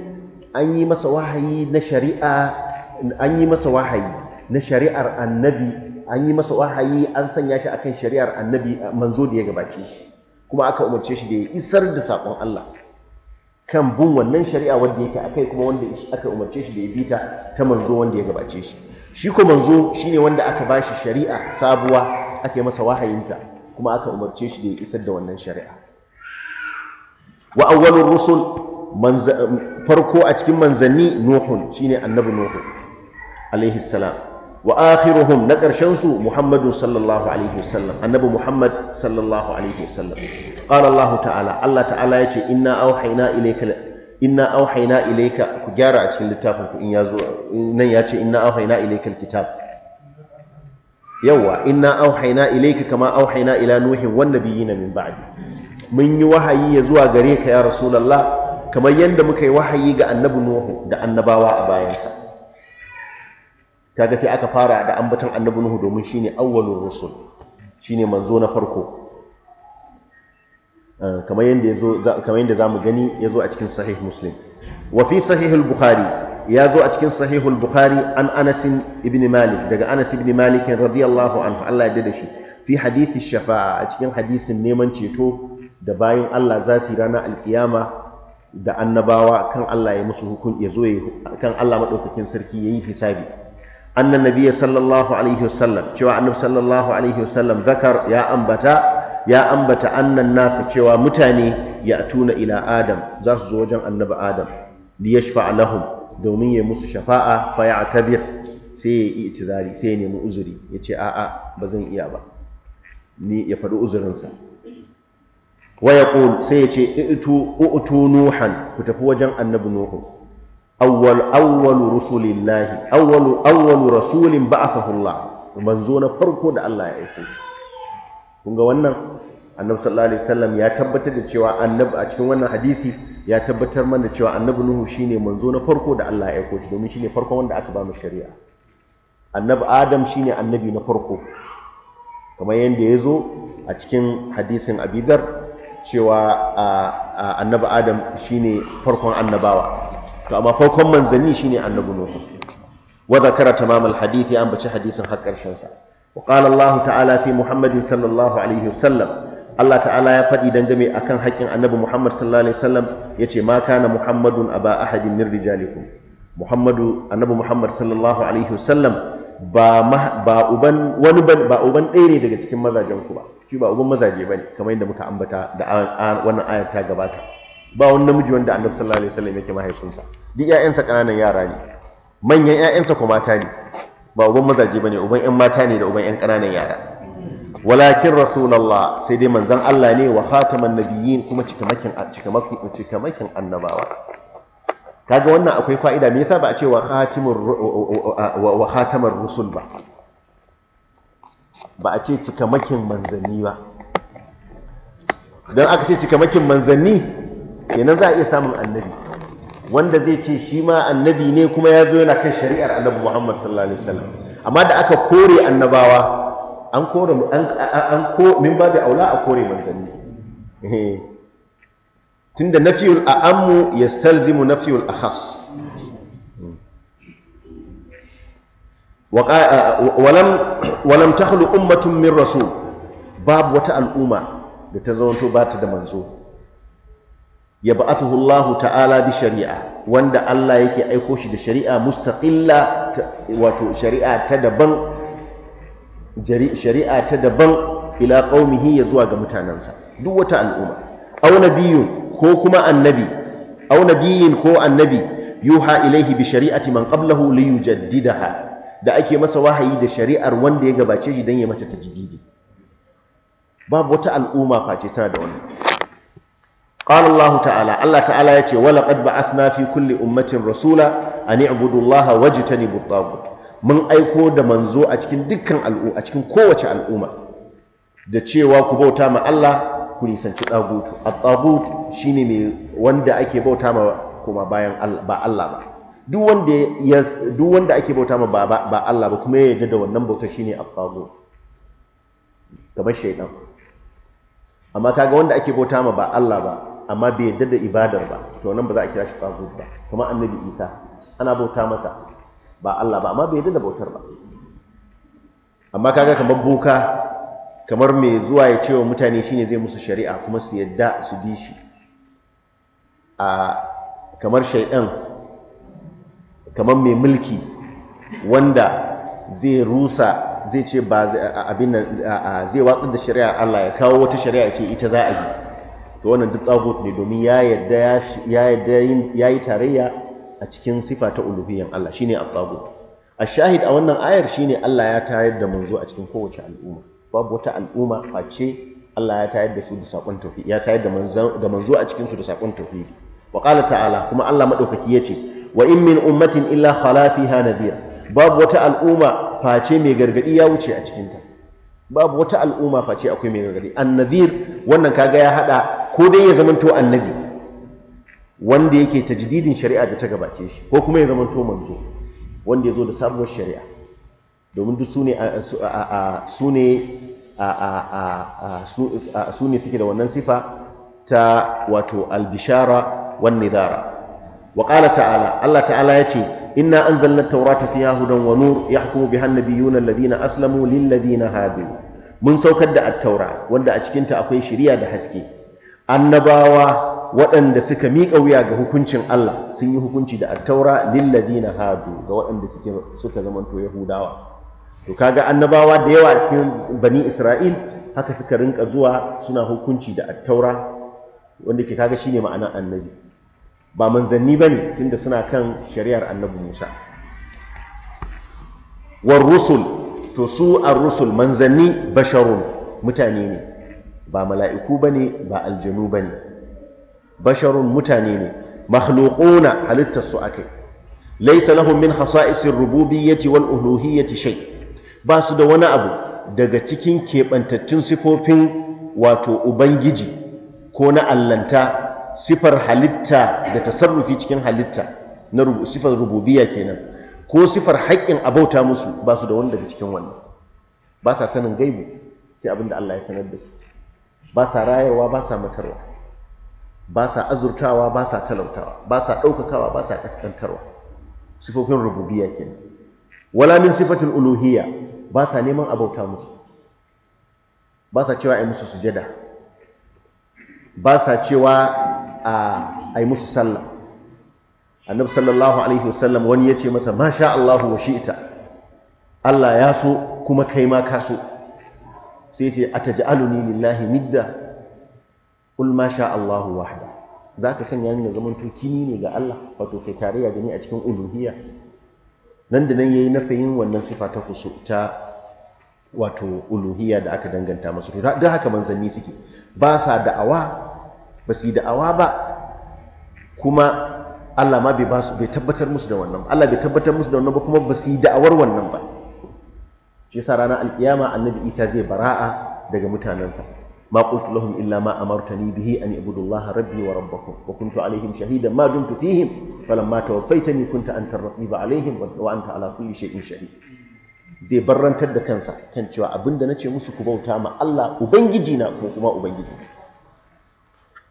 an yi masa wahayi na shari'a an yi masa wahayi na shari'ar annabi an yi masa wahayi an sanya shi akan shari'ar annabi manzo da ya gabace shi kuma aka umarce shi da ya isar da saƙon Allah kan bin wannan shari'a wanda yake akai kuma wanda aka umarce shi da ya bita ta manzo wanda ya gabace shi shi ko manzo ne wanda aka bashi shari'a sabuwa ake masa wahayinta kuma aka umarce shi da ya isar da wannan shari'a wa rusul farko a cikin manzanni nuhun shine annabi nuhu alaihi salam wa akhiruhum na ƙarshen su Muhammadu sallallahu alaihi wasallam annabi Muhammad sallallahu alaihi wasallam qala Allah ta'ala Allah ta'ala yace inna auhayna ilayka inna auhayna ilayka ku gyara a cikin littafin ku in yazo nan yace inna auhayna ilayka alkitab yawa inna auhayna ilayka kama auhayna ila nuhin wan nabiyina min ba'di mun yi wahayi ya zuwa gare ka ya rasulullah kamar yadda muka yi wahayi ga annabi nuhu da annabawa a bayansa Ta ga sai aka fara da ambaton annabi nuhu domin shine awwalur rusul shine manzo na farko ah, kamar yadda yazo kamar yadda zamu gani yazo a cikin sahih muslim wa fi sahih al-bukhari yazo a cikin sahih al-bukhari an anas ibn malik daga anas ibn malik radiyallahu anhu Allah ya dade shi fi hadithi shafa'a a cikin hadisin neman ceto da bayan Allah za su yi ranar alkiyama da annabawa kan Allah ya musu hukun ya zo kan Allah maɗaukakin sarki ya yi hisabi أن النبي صلى الله عليه وسلم شوى النبي صلى الله عليه وسلم ذكر يا أنبتا يا أنبتا أن الناس شوى متاني يأتون إلى آدم زاس زوجا النبى آدم ليشفع لهم دومية مس شفاء فيعتذر سي اعتذاري sai ya nemi uzuri ya ce a'a ba zan iya ba ni ya faɗi uzurinsa waya ƙul sai ya ce awwal awwal rusulillahi awwal awwal rasulin ba'athahu Allah manzo na farko da Allah ya aiko kun ga wannan annabi sallallahu alaihi wasallam ya tabbatar da cewa annabi a cikin wannan hadisi ya tabbatar mana cewa annabi nuhu shine manzo na farko da Allah ya aiko shi domin shine farkon wanda aka ba mu shari'a annabi adam shine annabi na farko kamar yadda ya zo a cikin hadisin abidar cewa annabi adam shine farkon annabawa to amma farkon manzanni shine annabi nuhu wa zakara tamamul hadisi an ambaci hadisin har karshen sa wa qala allah ta'ala fi muhammadin sallallahu alaihi wasallam allah ta'ala ya faɗi dangane akan haƙƙin annabi muhammad sallallahu alaihi wasallam yace ma kana muhammadun aba ahadin min rijalikum muhammadu annabi muhammad sallallahu alaihi wasallam ba ma ba uban wani ban ba uban ɗaya ne daga cikin mazajen ku ba shi ba uban mazaje bane kamar yadda muka ambata da wannan ayar ta gabata ba wani namiji wanda annabi sallallahu alaihi wasallam yake mahaifinsa duk ƴaƴansa ƙananan yara ne manyan ƴaƴansa kuma mata ne ba uban mazaje bane uban ƴan mata ne da uban ƴan ƙananan yara walakin rasulullah sai dai manzon Allah ne wa khataman nabiyyin kuma cikamakin cikamakin cikamakin annabawa kaga wannan akwai fa'ida me yasa ba a ce wa khatimur wa khataman rusul ba ba a ce cikamakin manzanni ba don aka ce cikamakin manzanni kenan za a iya samun annabi wanda zai ce shi ma annabi ne kuma ya zo yana kan shari'ar annabi muhammad sallallahu alaihi wasallam amma da aka kore annabawa an kore an ko min da aula a kore manzanni eh. tunda nafiyul a'ammu yastalzimu nafiyul akhas ولم ولم تخلو أمة من رسول باب wata al'umma da ta zawanto ba ta da manzo ya yab'athuhu Allah ta'ala bi shari'a wanda Allah yake aiko shi da shari'a mustaqilla wato shari'a ta daban shari'a ta daban ila qaumihi ya zuwa ga mutanansa duk wata al'umma aw nabiyyun ko kuma annabi aw nabiyyin ko annabi yuha ilaihi bi shari'ati man qablahu li yujaddidaha da ake masa wahayi da shari'ar wanda ya gabace shi dan ya mata tajdidi babu wata al'umma face tana da wannan قال الله تعالى الله تعالى يتي ولقد بعثنا في كل أمة رسولا أن اعبدوا الله واجتنبوا الطاغوت من أي دا منزو أتكن دكا الأمة أتكن قوة الأمة da cewa ku bauta ma Allah ku nisanci ɗagutu at-tagut shine mai wanda ake bauta ma kuma bayan ba Allah ba duk wanda duk wanda ake bauta ma ba ba Allah ba kuma ya yarda da wannan bauta shine at-tagut kamar shaydan amma kaga wanda ake bauta ma ba Allah ba amma bai yadda da ibadar ba to nan ba za a kira shi tsagut ba Kuma annabi isa ana bauta masa ba Allah ba amma bai yadda da bautar ba amma kaga kamar boka kamar mai zuwa ya cewa mutane shine zai musu shari'a kuma su yadda su bi shi a kamar shaidan kamar mai mulki wanda zai rusa zai ce ba abin zai watsar da shari'a Allah ya kawo wata shari'a ce ita za a yi to wannan duk tsagut ne domin ya yadda ya yadda tarayya a cikin sifa ta uluhiyyan Allah shine at-tagut A shahid a wannan ayar shine Allah ya tayar da manzo a cikin kowace al'umma babu wata al'umma face Allah ya tayar da su da sakon tauhidi ya tayar da manzo da manzo a cikin su da sakon tauhidi wa qala ta'ala kuma Allah madaukaki yace wa in min ummatin illa khala fiha nadhir babu wata al'umma face mai gargadi ya wuce a cikinta babu wata al'umma face akwai mai gargadi an nadhir wannan kaga ya hada ko dai ya zamanto annabi wanda yake tajdidin shari'a da ta gabace shi ko kuma ya zamanto manzo wanda ya zo da sabuwar shari'a domin duk su ne su suke da wannan sifa ta wato albishara wan nidara wa ta'ala Allah ta'ala ya ce inna anzalna at-taurata fiha hudan wa nur yahkumu biha na nabiyyuna alladhina aslamu lil ladina hadu mun saukar da at-taura wanda a cikinta akwai shiriya da haske annabawa waɗanda suka miƙa wuya ga hukuncin Allah sun yi hukunci da attaura na hadu ga waɗanda suke suka zamanto yahudawa to kaga annabawa da yawa a cikin bani isra'il haka suka rinka zuwa suna hukunci da attaura wanda ke kaga shine ma'anar annabi ba manzanni ba bane tunda suna kan shari'ar annabi Musa war rusul to su ar-rusul manzanni basharun mutane ne ba mala'iku ba ne, ba aljanu ba ne. basharun mutane ne makhluquna halittar su akai laysa lahum min khasa'isir rububiyyati wal uluhiyyati shay ba su da wani abu daga cikin keɓantattun sifofin wato ubangiji ko na allanta sifar halitta da tasarrufi cikin halitta na sifar rububiya kenan ko sifar haƙƙin abauta musu ba su da wanda daga cikin wannan ba sa sanin gaibu sai abin da Allah ya sanar da su ba sa rayawa ba sa matarwa ba sa azurtawa ba sa talautawa ba sa ɗaukakawa ba sa ƙasƙantarwa sifofin rububiya ke. wala min sifatin uluhiya ba sa neman abauta musu ba sa cewa ai musu sujada ba sa cewa a ai musu sallah annabi sallallahu alaihi wasallam wani ya ce masa masha Allahu wa shi'ta Allah ya so kuma kai ma ka so sai ce ataj'aluni lillahi nidda qul ma sha Allahu wahda zaka sanya ni na zaman turki ne ga Allah wato kai tarayya da ni a cikin uluhiyya nan da nan yayi nafayin wannan sifa ta kusu ta wato uluhiyya da aka danganta masu to don haka manzanni suke ba sa da'awa ba su da'awa ba kuma Allah ma bai tabbatar musu da wannan Allah bai tabbatar musu da wannan ba kuma ba su yi da'awar wannan ba shi yasa ranar alkiyama annabi isa zai bara'a daga mutanensa ma qultu lahum illa ma amartani bihi an ibudullaha rabbi wa rabbakum wa kuntu alaihim shahidan ma dumtu fihim falamma tawaffaytani kunta anta raqiba alaihim wa anta ala kulli shay'in shahid zai barrantar da kansa kan cewa abinda nace musu ku bauta ma Allah ubangiji na ko kuma ubangiji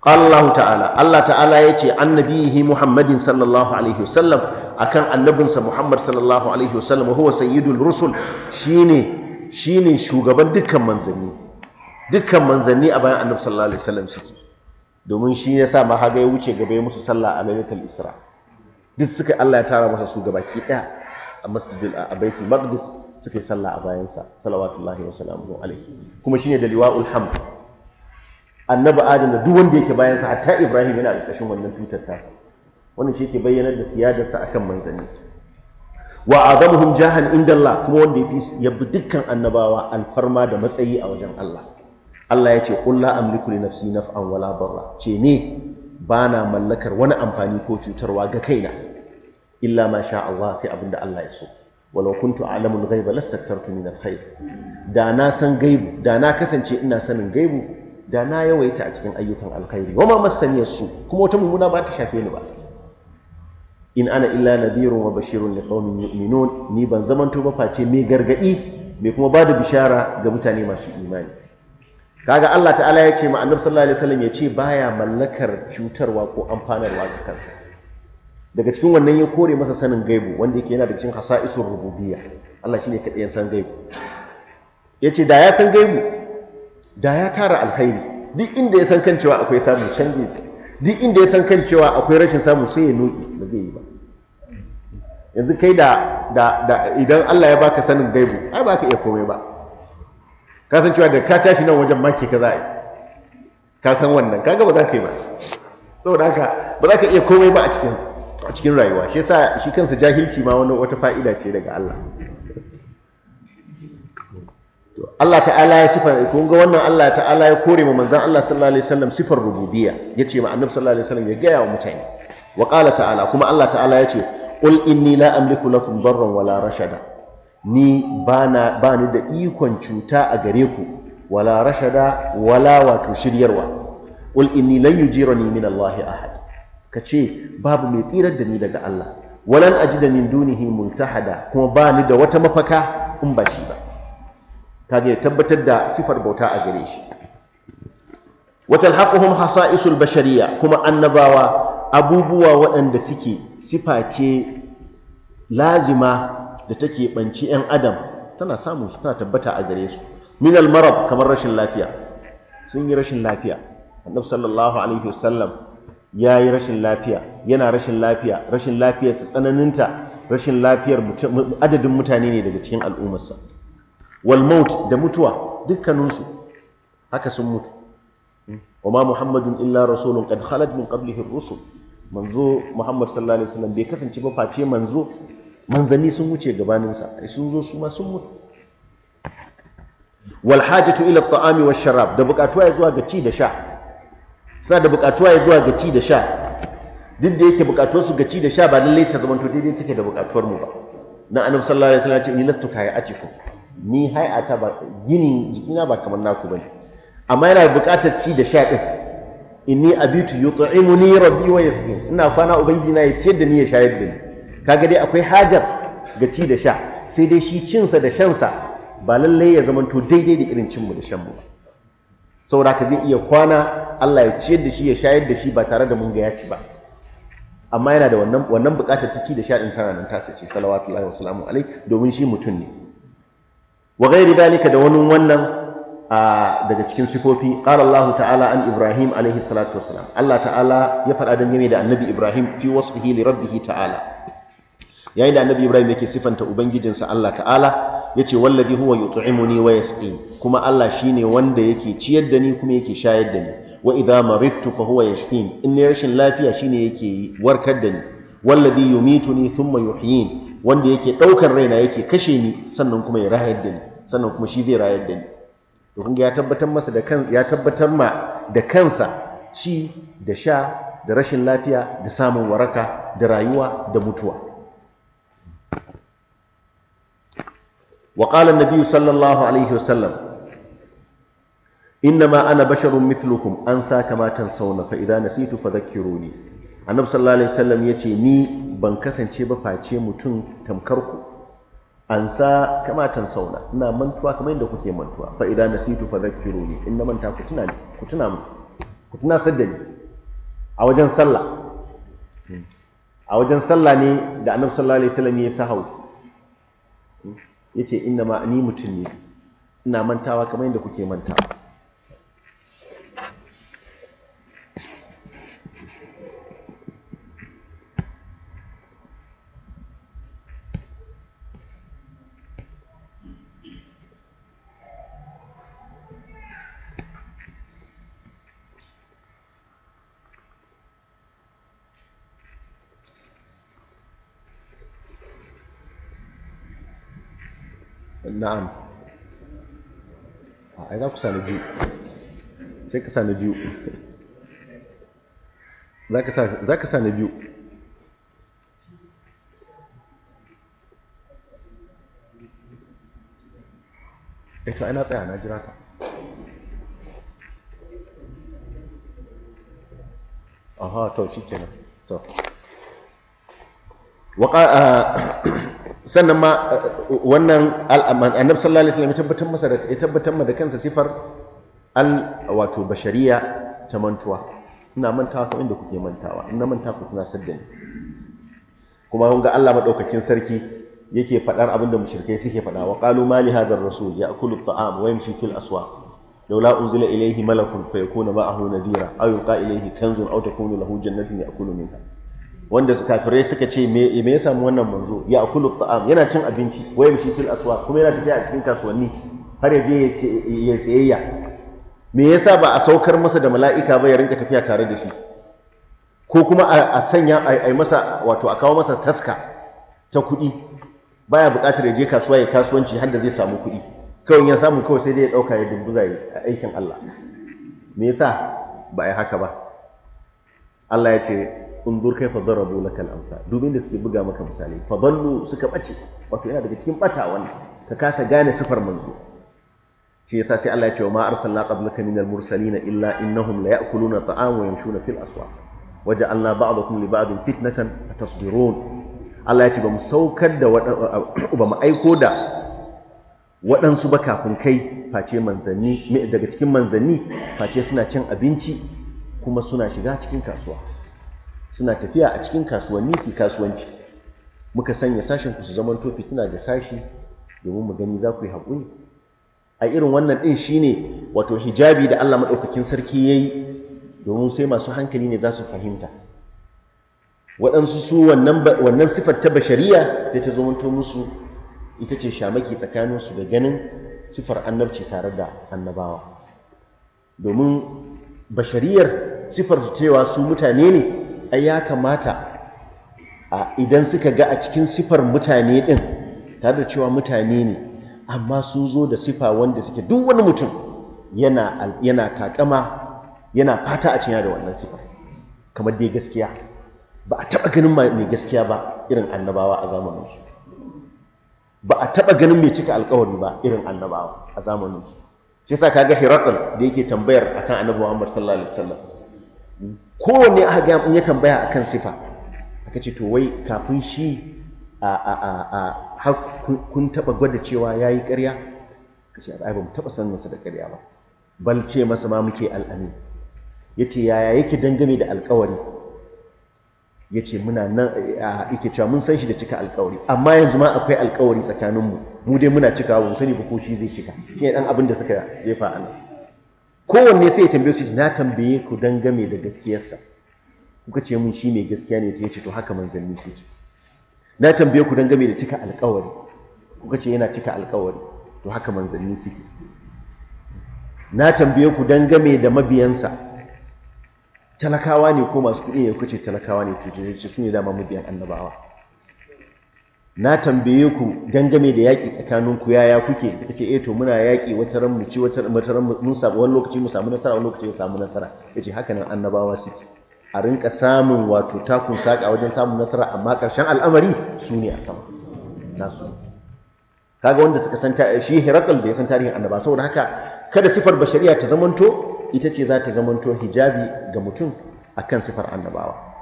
qala Allah ta'ala Allah ta'ala yace annabihi Muhammadin sallallahu alaihi wasallam akan annabinsa Muhammad sallallahu alaihi wasallam huwa sayyidul rusul shine shugaban dukkan manzanni dukkan manzanni a bayan annabi sallallahu alaihi wasallam suke domin shi ya sa ma haga ya wuce gaba ya musu sallah a lailatul isra duk suka Allah ya tara masa su gabaki ɗaya a masjidil a baitul maqdis suka sallah a bayansa salawatullahi wa salamuhu alaihi kuma shine da liwa'ul hamd annabi adam da duk wanda yake bayansa hatta ibrahim yana ƙarƙashin wannan tutar tasa wannan shi ke bayyanar da siyadarsa akan manzanni wa azamuhum jahan inda Allah kuma wanda ya bi dukkan annabawa alfarma da matsayi a wajen Allah Allah ya ce qul amliku li nafsi naf'an wala darra ce ne bana mallakar wani amfani ko cutarwa ga kaina illa ma sha Allah sai abinda Allah ya so walau kuntu a'lamu ghaiba lastakthartu min al da na san gaibu da na kasance ina sanin gaibu da na yawaita a cikin ayyukan alkhairi wa ma masaniyar su kuma wata mummuna ba ta shafe ni ba in ana illa nadhirun wa bashirun qaumin yu'minun ni ban zamanto ba face mai gargadi mai kuma ba da bishara ga mutane masu imani kaga Allah ta'ala ya ce ma annabi sallallahu alaihi wasallam ya ce baya mallakar cutarwa ko amfanarwa ga kansa daga cikin wannan ya kore masa sanin gaibu wanda yake yana da cikin hasa'isur rububiyya Allah shine kadai ya san gaibu yace da ya san gaibu da ya tara alkhairi duk inda ya san kan cewa akwai samun canji duk inda ya san kan cewa akwai rashin samu sai ya noki ba zai yi ba yanzu kai da idan Allah ya baka sanin gaibu ai ba ka iya komai ba ka san cewa da ka tashi nan wajen maki ka za'a yi ka san wannan kaga ba za ka yi ba saboda haka ba za ka iya komai ba a cikin a cikin rayuwa shi yasa shi kansa jahilci ma wani wata fa'ida ce daga Allah Allah ta'ala ya sifa kun ga wannan Allah ta'ala ya kore mu manzon Allah sallallahu alaihi wasallam sifar rububiyya yace ma annabi sallallahu alaihi wasallam ya gaya wa mutane wa qala ta'ala kuma Allah ta'ala yace qul inni la amliku lakum darran wala rashada ni bana bani da ikon cuta a gare ku wala rashada wala wato shiryarwa qul inni lan yujirani min Allah ahad kace babu mai tsirar da ni daga Allah walan ajida min dunihi multahada kuma bani da wata mafaka in ba shi ba kaga ya tabbatar da sifar bauta a gare shi watalhaquhum hasa'isul bashariya kuma annabawa abubuwa waɗanda suke sifa ce lazima da take banci yan adam tana samun su tana tabbata a gare su min marab kamar rashin lafiya sun yi rashin lafiya annabi sallallahu alaihi wasallam ya yi rashin lafiya yana rashin lafiya rashin lafiyarsa tsananinta rashin lafiyar adadin mutane ne daga cikin al'ummarsa wal da mutuwa dukkaninsu haka sun mutu wa ma muhammadun illa rasulun qad khalat min qablihi manzo muhammad sallallahu alaihi bai kasance ba face manzo manzanni sun wuce gabaninsa sun zo su sun mutu wal hajatu ila at-ta'ami wash-sharab da bukatuwa zuwa ga ci da sha sa da bukatuwa zuwa ga ci da sha duk da yake bukatuwar su ga da sha ba lallai ta zamanto daidai take da bukatuwar mu ba na annabi sallallahu alaihi wasallam ya ce ni lastu ni hai'ata ba ginin jikina ba kamar naku bane amma yana buƙatar ci da sha din inni abitu yut'imuni rabbi wa yasqin ina kwana ubangiji na ya ciyar da ni ya shayar da ni kaga dai akwai hajar ga ci da sha sai dai shi cinsa da shansa ba lallai ya zamanto daidai da irin cinmu da shanmu mu. saboda ka zai iya kwana Allah ya ciyar da shi ya shayar da shi ba tare da mun ga ya ba amma yana da wannan bukatar ta ci da sha din tana nan ta sace salawatu alaihi wasalamu alai, domin shi mutum ne wa ghairi dalika da wani wannan daga cikin sifofi qala Allah ta'ala an Ibrahim alaihi salatu wassalam Allah ta'ala ya faɗa dangane da annabi Ibrahim fi wasfihi li rabbihi ta'ala yayin da annabi Ibrahim yake sifanta ubangijinsa Allah ta'ala yace wallazi huwa yut'imuni wa yasqin kuma Allah shine wanda yake ciyar da ni kuma yake shayar da ni wa idza maridtu fa huwa yashfin in ne rashin lafiya shine yake warkar da ni wallazi yumituni thumma yuhyin wanda yake ɗaukar raina yake kashe ni sannan kuma ya rayar da ni sannan kuma shi zai rayar da ni to kun ya tabbatar masa da kan ya tabbatar ma da kansa ci da sha da rashin lafiya da samun waraka da rayuwa da mutuwa wa qala an sallallahu alaihi wasallam innama ana basharun mithlukum an sa kamatan sauna fa idza nasitu fadhakkiruni annabi sallallahu alaihi wasallam ya ce ni ban kasance ba face mutum tamkar ku an sa kama tan sauna ina mantuwa kamar yadda kuke mantuwa fa idan nasitu fa ni in na manta ku tuna ni ku tuna mu ku tuna sadda ni a wajen sallah a wajen sallah ne da annabi sallallahu alaihi wasallam ya sahau yace inna ma ni mutum ne ina mantawa kamar yadda kuke mantawa na'am a ah, ai za ku sani biyu sai ka sani biyu za ka sani biyu eto eh, na tsaya na jira ka aha to shi kenan to Ah, sannan ma eh, wannan annabi sallallahu alaihi wasallam ya tabbatar masa da ya tabbatar ma da kansa sifar al wato bashariya ta mantuwa ina mantawa kamar inda kuke mantawa ina mantawa ku kuna sadda ni kuma kun ga Allah madaukakin sarki yake faɗar abin da mushrikai suke faɗa wa qalu ma hadha ar-rasul ya'kulu at-ta'am wa yamshi fil aswaq Unzila, أنزل إليه ملك فيكون معه نذيرا أو يلقى إليه كنز أو تكون له جنة يأكل منها wanda kafirai suka ce me me ya samu wannan manzo ya akulu ta'am yana cin abinci wa yamshi fil aswaq kuma yana tafiya a cikin kasuwanni har ya je ya tsayayya me yasa ba a saukar masa da mala'ika ba ya rinka tafiya tare da shi ko kuma a sanya a masa wato a kawo masa taska ta kuɗi baya buƙatar ya je kasuwa ya kasuwanci har da zai samu kuɗi kawai ya samu kawai sai dai ya ɗauka ya dumbuza a aikin Allah me yasa ba a haka ba Allah ya ce unzur kaifa darabu kan amsa dubin da suke buga maka misali fa suka bace wato yana daga cikin bata wannan ka kasa gane sifar manzo shi yasa sai Allah ya ce wa ma arsalna qablaka minal na illa innahum la ya'kuluna ta'am wa yamshuna fil aswaq waja'alna ba'dakum li ba'din fitnatan atasbirun Allah ya ce ba mu saukar da ba mu aiko da waɗansu ba kafin kai face manzanni daga cikin manzanni face suna cin abinci kuma suna shiga cikin kasuwa suna tafiya a cikin kasuwanni su kasuwanci muka sanya sashen ku su zaman tofi tuna da sashi domin mu gani za ku yi haƙuri a irin wannan ɗin shine wato hijabi da Allah maɗaukakin sarki ya yi domin sai masu hankali ne za su fahimta waɗansu su wannan sifar ta bashariya sai ta zamanto musu ita ce shamaki tsakaninsu da ganin sifar annabci tare da annabawa domin bashariyar sifar cewa su mutane ne ya kamata idan suka ga a cikin sifar mutane ɗin tare da cewa mutane ne amma sun zo da sifa wanda suke duk wani mutum yana takama yana fata a cinya da wannan sifar kamar dai gaskiya ba a taɓa ganin mai gaskiya ba irin annabawa a zamaninsu ba a taɓa ganin mai cika alkawari ba irin annabawa a zamaninsu shi yasa kaga hirakul da yake tambayar akan annabi Muhammad sallallahu alaihi wasallam kowane aka ga ya tambaya a kan sifa aka ce to wai kafin shi a kun taba gwada cewa ya yi karya. ka ce ba mu taba san masa da karya ba bal ce masa ma muke al'amin ce yaya yake dangane da alƙawari yace muna nan yake cewa mun san shi da cika alƙawari amma yanzu ma akwai alƙawari tsakaninmu mu dai muna cikawa mu sani ba ko shi zai cika shi ne ɗan abin da suka jefa a nan kowanne sai ya tambaye su na tambaye ku don game da gaskiyarsa kuka ce mun shi mai gaskiya ne ta ce, to haka manzanni suke na tambaye ku don game da cika alkawari kuka ce yana cika alkawari to haka manzanni suke na tambaye ku don game da mabiyansa talakawa ne ko masu kuɗi ne kuka ce talakawa ne to ce su ne dama mabiyan annabawa na tambaye ku dangame da yaƙi tsakaninku yaya kuke suka ce eh to muna yaƙi wata ran mu ci wata ran mun samu wani lokaci mu samu nasara wani lokaci mu samu nasara yace haka nan annabawa suke a rinka samun wato takun saƙa wajen samun nasara amma ƙarshen al'amari su ne a sama Na su kaga wanda suka san shi Herakl da ya san tarihin annaba saboda haka kada sifar bashariya ta zamanto ita ce za ta zamanto hijabi ga mutum akan sifar annabawa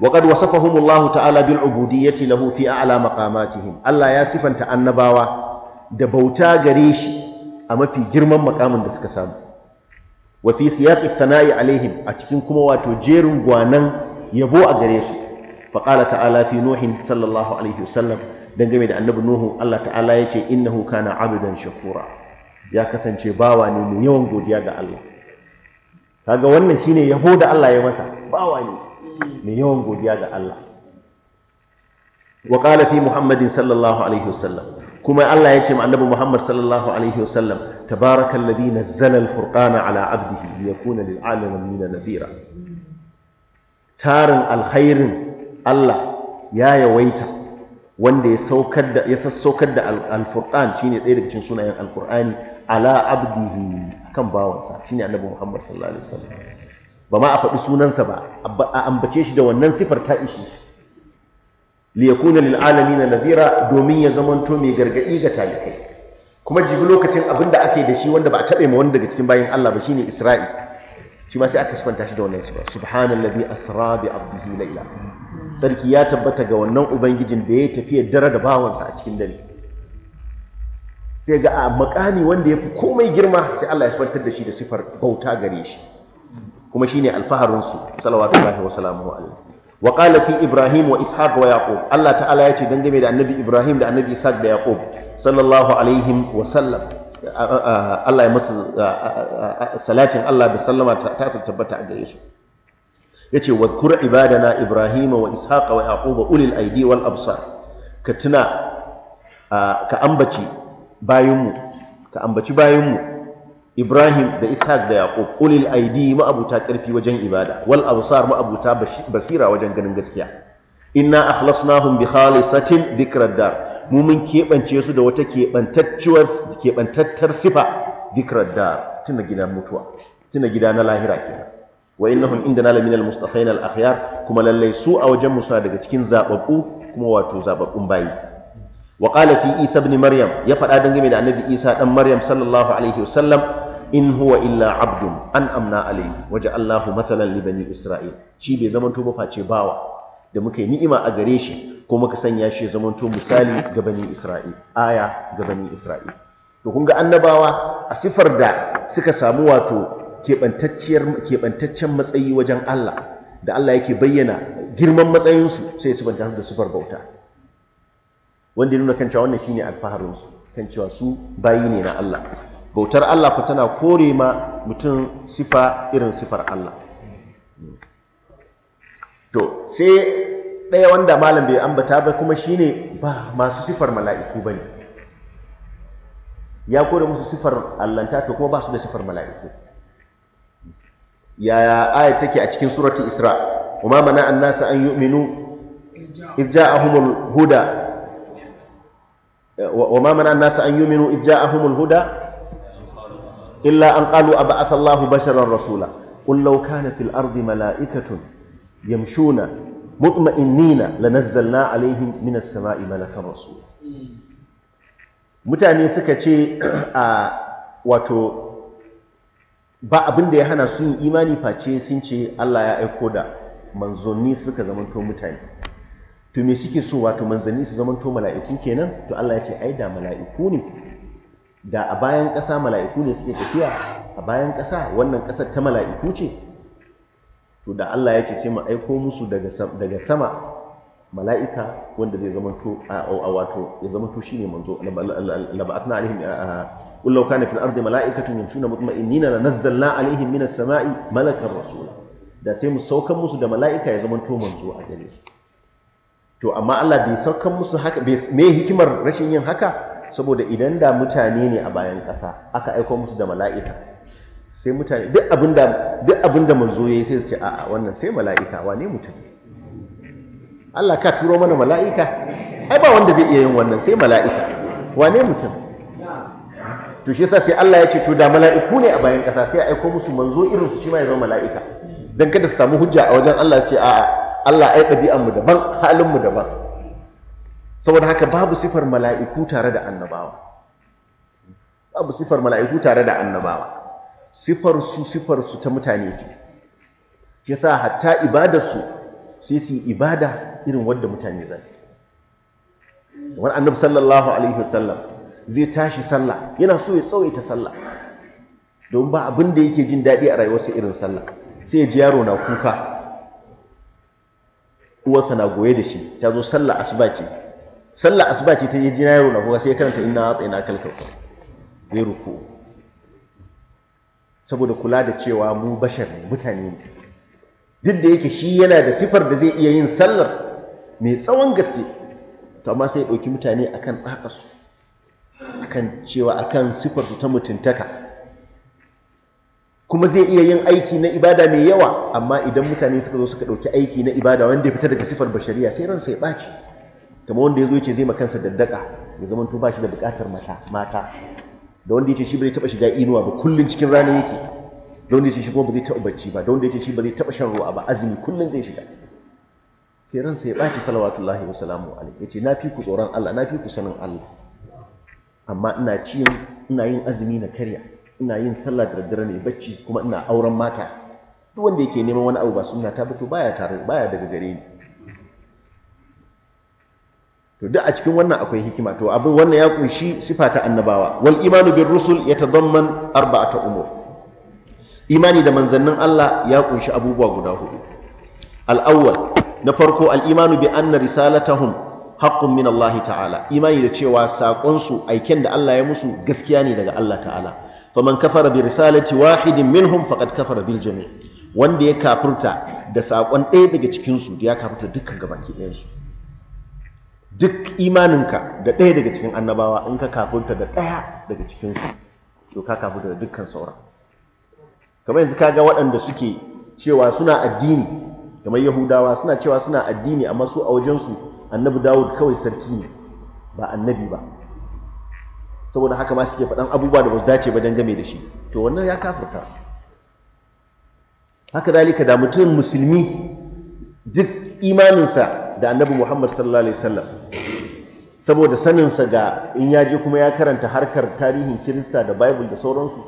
وقد وصفهم الله تعالى بالعبودية له في أعلى مقاماتهم الله يا سفن تأنباوا دبوتا غريش أما في جرم مقام دسكسام وفي سياق الثناء عليهم أتكنكم واتجير وانا يبوء أغريش فقال تعالى في نوح صلى الله عليه وسلم دنجم إذا النبي نوح الله تعالى يتي إنه كان عبدا شكورا يا كسن شباوا نيون يوم قد يا الله kaga وانا شيني يهود الله يمسا ya masa mai yawan godiya ga Allah wa qala fi muhammadin sallallahu alaihi wasallam kuma Allah ya ce ma annabi muhammad sallallahu alaihi wasallam tabarakallazi nazzala alfurqana ala abdihi liyakuna lil alamin nadhira tarin alkhairin Allah ya yawaita wanda ya saukar da ya sassaukar da alfurqan shine ɗaya daga cikin sunayen alqur'ani ala abdihi kan bawansa shine annabi muhammad sallallahu alaihi wasallam ba ma a faɗi sunansa ba a ambace shi da wannan sifar ta ishe shi li yakuna lil alamin nadhira domin ya zamanto mai gargadi ga talikai kuma jibi lokacin abin da ake da shi wanda ba a taɓe ma wani daga cikin bayan Allah ba shine Isra'il shi ma sai aka sifanta shi da wannan sifar. subhanallazi asra bi abdihi layla sarki ya tabbata ga wannan ubangijin da ya tafi dare da bawansa a cikin dare sai ga a makami wanda ya fi komai girma sai Allah ya sifantar da shi da sifar bauta gare shi kuma shine alfaharin su salawatullahi wa salamuhu alaihi wa qala fi ibrahim wa ishaq wa yaqub Allah ta'ala ya ce dangane da annabi ibrahim da annabi ishaq da yaqub sallallahu alaihim wa sallam Allah ya masu salatin Allah da sallama ta ta tabbata a gare su yace wadhkur ibadana ibrahim wa ishaq wa yaqub ulil aidi wal absar ka tuna ka ambaci bayinmu ka ambaci bayinmu Ibrahim da Ishaq da Yaqub ulil aidi ma'abuta karfi wajen ibada wal absar ma'abuta basira wajen ganin gaskiya inna akhlasnahum bi khalisatin dhikrar dar mu mun keɓance su da wata keɓantacciyar keɓantattar sifa dhikrar dar tuna gida mutuwa tuna gida na lahira kenan wa innahum indana la minal mustafain al akhyar kuma lallai su a wajen musa daga cikin zababbu kuma wato zababbun bayi wa qala fi isa ibn maryam ya faɗa dangane da annabi isa dan maryam sallallahu alaihi wasallam in huwa illa abdun an amna alayhi waje Allahu mathalan li bani Isra'il shi bai zamanto to face bawa da muka yi ni'ima a gare shi ko muka sanya shi zamanto misali ga bani Isra'il aya ga bani Isra'il to kun ga annabawa a sifar da suka samu wato keɓantaccen matsayi wajen Allah da Allah yake bayyana girman matsayinsu sai su banta da sifar bauta wanda ya nuna kan cewa wannan shine alfaharinsu kan cewa su bayi ne na Allah bautar Allah ku tana kore ma mutum sifa irin sifar Allah to sai ɗaya wanda malam bai ambata ba kuma shine ba masu sifar mala'iku ba ne, ya kore musu sifar allahnta to kuma ba su da sifar mala'iku yaya aya take a cikin surati isra وما منع الناس أن يؤمنوا إذ جاءهم الهدى وما منع الناس أن يؤمنوا إذ جاءهم الهدى illa an قالوا أبعث الله basharan rasula قل لو kana fil الأرض mala'ikatun يمشون mutma'innina لنزلنا عليهم من السماء malakan rasul mutane suka ce a wato ba abin da ya hana su yin imani face sun ce Allah ya aiko da manzanni suka zamanto mutane to me suke so wato manzanni su zamanto mala'iku kenan to Allah ya ce ai da mala'iku ne da a bayan ƙasa mala'iku ne suke tafiya a bayan ƙasa wannan ƙasar ta mala'iku ce to da Allah ya ce sai mu aiko musu daga sama mala'ika wanda zai zama to a wato ya zama to shine manzo laba'athna alaihim qul law kana fil ardi mala'ikatun yamshuna mutma'innina lanazzalna alaihim minas sama'i malakan rasula da sai mu saukan musu da mala'ika ya zama to manzo a gare su to amma Allah bai saukan musu haka me hikimar rashin yin haka saboda idan da mutane ne a bayan ƙasa aka aiko musu da mala'ika sai mutane duk abin da manzo ya yi sai su ce a'a wannan sai mala'ika wane mutum Allah ka turo mana mala'ika ai ba wanda zai iya yin wannan sai mala'ika wane mutum to shi sai Allah ya ce to da mala'iku ne a bayan ƙasa sai a aiko musu manzo irin su shi ma ya zama mala'ika dan kada su samu hujja a wajen Allah su ce a'a Allah ai ɗabi'anmu mu daban halin mu daban saboda haka babu sifar mala'iku tare da annabawa babu sifar mala'iku tare da annabawa sifar su sifar su ta mutane ce ke sa hatta ibada su sai su ibada irin wadda mutane za su wani annabi sallallahu alaihi wasallam zai tashi sallah yana so ya tsawaita sallah don ba abin da yake jin daɗi a rayuwarsa irin sallah sai ya ji yaro na kuka uwarsa na goye da shi ta zo sallah asuba ce sallar asuba ce ta yi jina yaro na kuka sai karanta ina inna na kalkafa zai ruku saboda kula da cewa mu bashar ne mutane ne duk da yake shi yana da sifar da zai iya yin sallar mai tsawon gaske to amma sai ya ɗauki mutane akan ɗaƙasu akan cewa akan sifar ta mutuntaka kuma zai iya yin aiki na ibada mai yawa amma idan mutane suka zo suka ɗauki aiki na ibada wanda ya fita daga sifar bashariya sai ransa ya ɓaci kamar wanda ya zo ce zai makansa daddaka ya zama to ba da bukatar mata mata da wanda ya ce shi ba zai taba shiga inuwa ba kullum cikin rana yake da wanda ya ce shi kuma ba zai taba bacci ba da wanda ya ce shi ba zai taba shan ruwa ba azumi kullum zai shiga sai ransa ya ɓaci salawatullahi wa salamu alaihi ya ce na fi ku tsoron Allah na fi ku sanin Allah amma ina ci ina yin azumi na karya ina yin sallah da daddare ne bacci kuma ina auren mata duk wanda yake neman wani abu ba sunna ta ba to baya tare baya daga gare ni to duk a cikin wannan akwai hikima to abin wannan ya kunshi sifa ta annabawa wal imanu bir rusul yatadamman arba'ata umur imani da manzannin Allah ya kunshi abubuwa guda hudu al awwal na farko al imanu bi anna risalatahum haqqun min Allah ta'ala imani da cewa sakon su aiken da Allah ya musu gaskiya ne daga Allah ta'ala faman kafara bi risalati wahidin minhum faqad kafara bil jami' wanda ya kafirta da sakon ɗaya daga cikin su ya kafirta dukkan gabaki ɗayan su duk imaninka da ɗaya daga cikin annabawa in ka kafinta da ɗaya daga cikinsu to ka kafinta da dukkan sauran kamar yanzu ka ga waɗanda suke cewa suna addini kamar yahudawa suna cewa suna addini amma su a wajensu annabi dawud kawai sarki ne ba annabi ba saboda haka ma suke faɗan abubuwa da ba su dace ba game da shi to wannan ya kafirta haka zalika da mutum musulmi duk imaninsa da annabi muhammad sallallahu alaihi wasallam saboda saninsa ga in ya je kuma ya karanta harkar tarihin kirista da bible da sauransu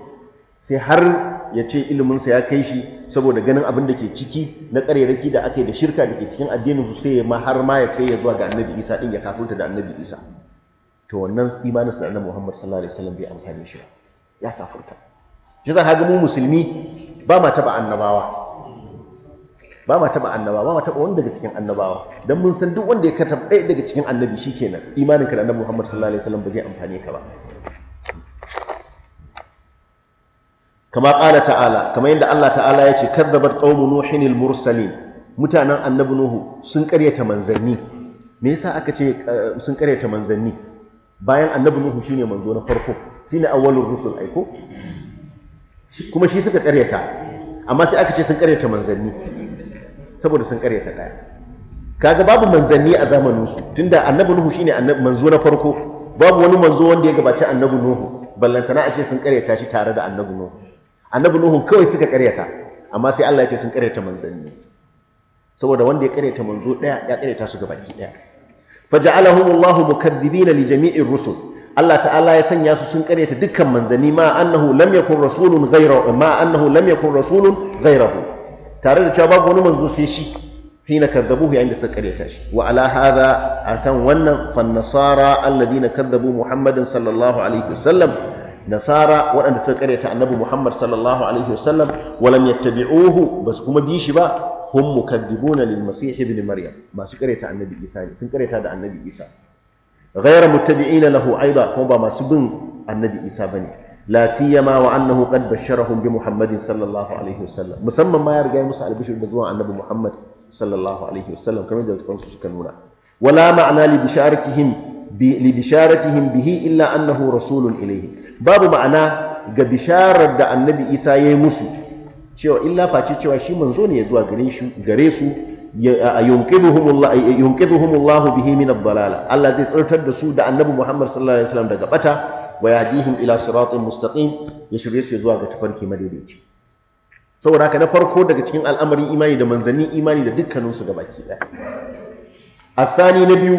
sai har ya ce iliminsa ya kai shi saboda ganin abin da ke ciki na ƙarerraki da aka yi da shirka da ke cikin addinin su sai ma har ma ya kai ya zuwa ga annabi isa din ya kafurta da annabi isa to wannan imanin sa annabi muhammad sallallahu alaihi wasallam bai amfani shi ya kafurta shi za ga mu musulmi ba ma taba annabawa ba ma taɓa annaba ba ma taɓa wanda daga cikin annabawa don mun san duk wanda ya karta ɗaya daga cikin annabi shi kenan imaninka da annabi muhammad sallallahu alaihi wasallam ba zai amfane ka ba kama ƙala ta'ala kama yadda allah ta'ala ya ce kadzabat qaumu nuhin al mursalin mutanen annabi nuhu sun karyata manzanni me yasa aka ce eh, sun karyata manzanni bayan annabi nuhu shine manzo na farko shine awwalur rusul aiko kuma shi suka karyata amma sai aka ce sun karyata manzanni saboda sun karyata ɗaya kaga babu manzanni a zamaninsu tunda annabi nuhu shine manzo na farko babu wani manzo wanda ya gabaci annabi nuhu ballantana a ce sun karyata shi tare da annabi nuhu annabi nuhu kawai suka karyata amma sai Allah ya ce sun karyata manzanni saboda wanda ya karyata manzo ɗaya ya karyata su gabaki ɗaya faja'alahumullahu mukaththibina li jami'ir rusul Allah ta'ala ya sanya su sun karyata dukkan manzanni ma annahu lam yakun rasulun ghayra ma annahu lam yakun rasulun ghayrahu tare da cewa babu wani manzo sai shi hina kadzabuhu yayin da suka karyata shi wa ala hadha akan wannan fan nasara alladhina kadzabu muhammadan sallallahu alaihi wasallam nasara waɗanda suka karyata annabi muhammad sallallahu alaihi wasallam walam yattabi'uhu bas kuma bi shi ba hum mukaddibuna lil masih ibn maryam masu karyata annabi isa ne sun karyata da annabi isa ghayra muttabi'ina lahu aidan kuma ba masu bin annabi isa bane la siyama wa annahu qad basharahum bi muhammadin sallallahu alaihi wasallam musamman ma ya riga musu albishir da zuwa annabi muhammad sallallahu alaihi wasallam kamar da su suka nuna wala ma'ana li bisharatihim li bisharatihim bihi illa annahu rasulun ilaihi babu ma'ana ga bisharar da annabi isa ya yi musu cewa illa face cewa shi manzo ne ya zuwa gare su yunqidhuhumullahu bihi min ad-dalala Allah zai tsartar da su da annabi Muhammad sallallahu alaihi wasallam daga bata wa yahdihim ila siratin mustaqim ya shirye su zuwa ga tafarki madaidaici saboda haka na farko daga cikin al'amarin imani da manzanni imani da dukkanin su gabaki daya asani na biyu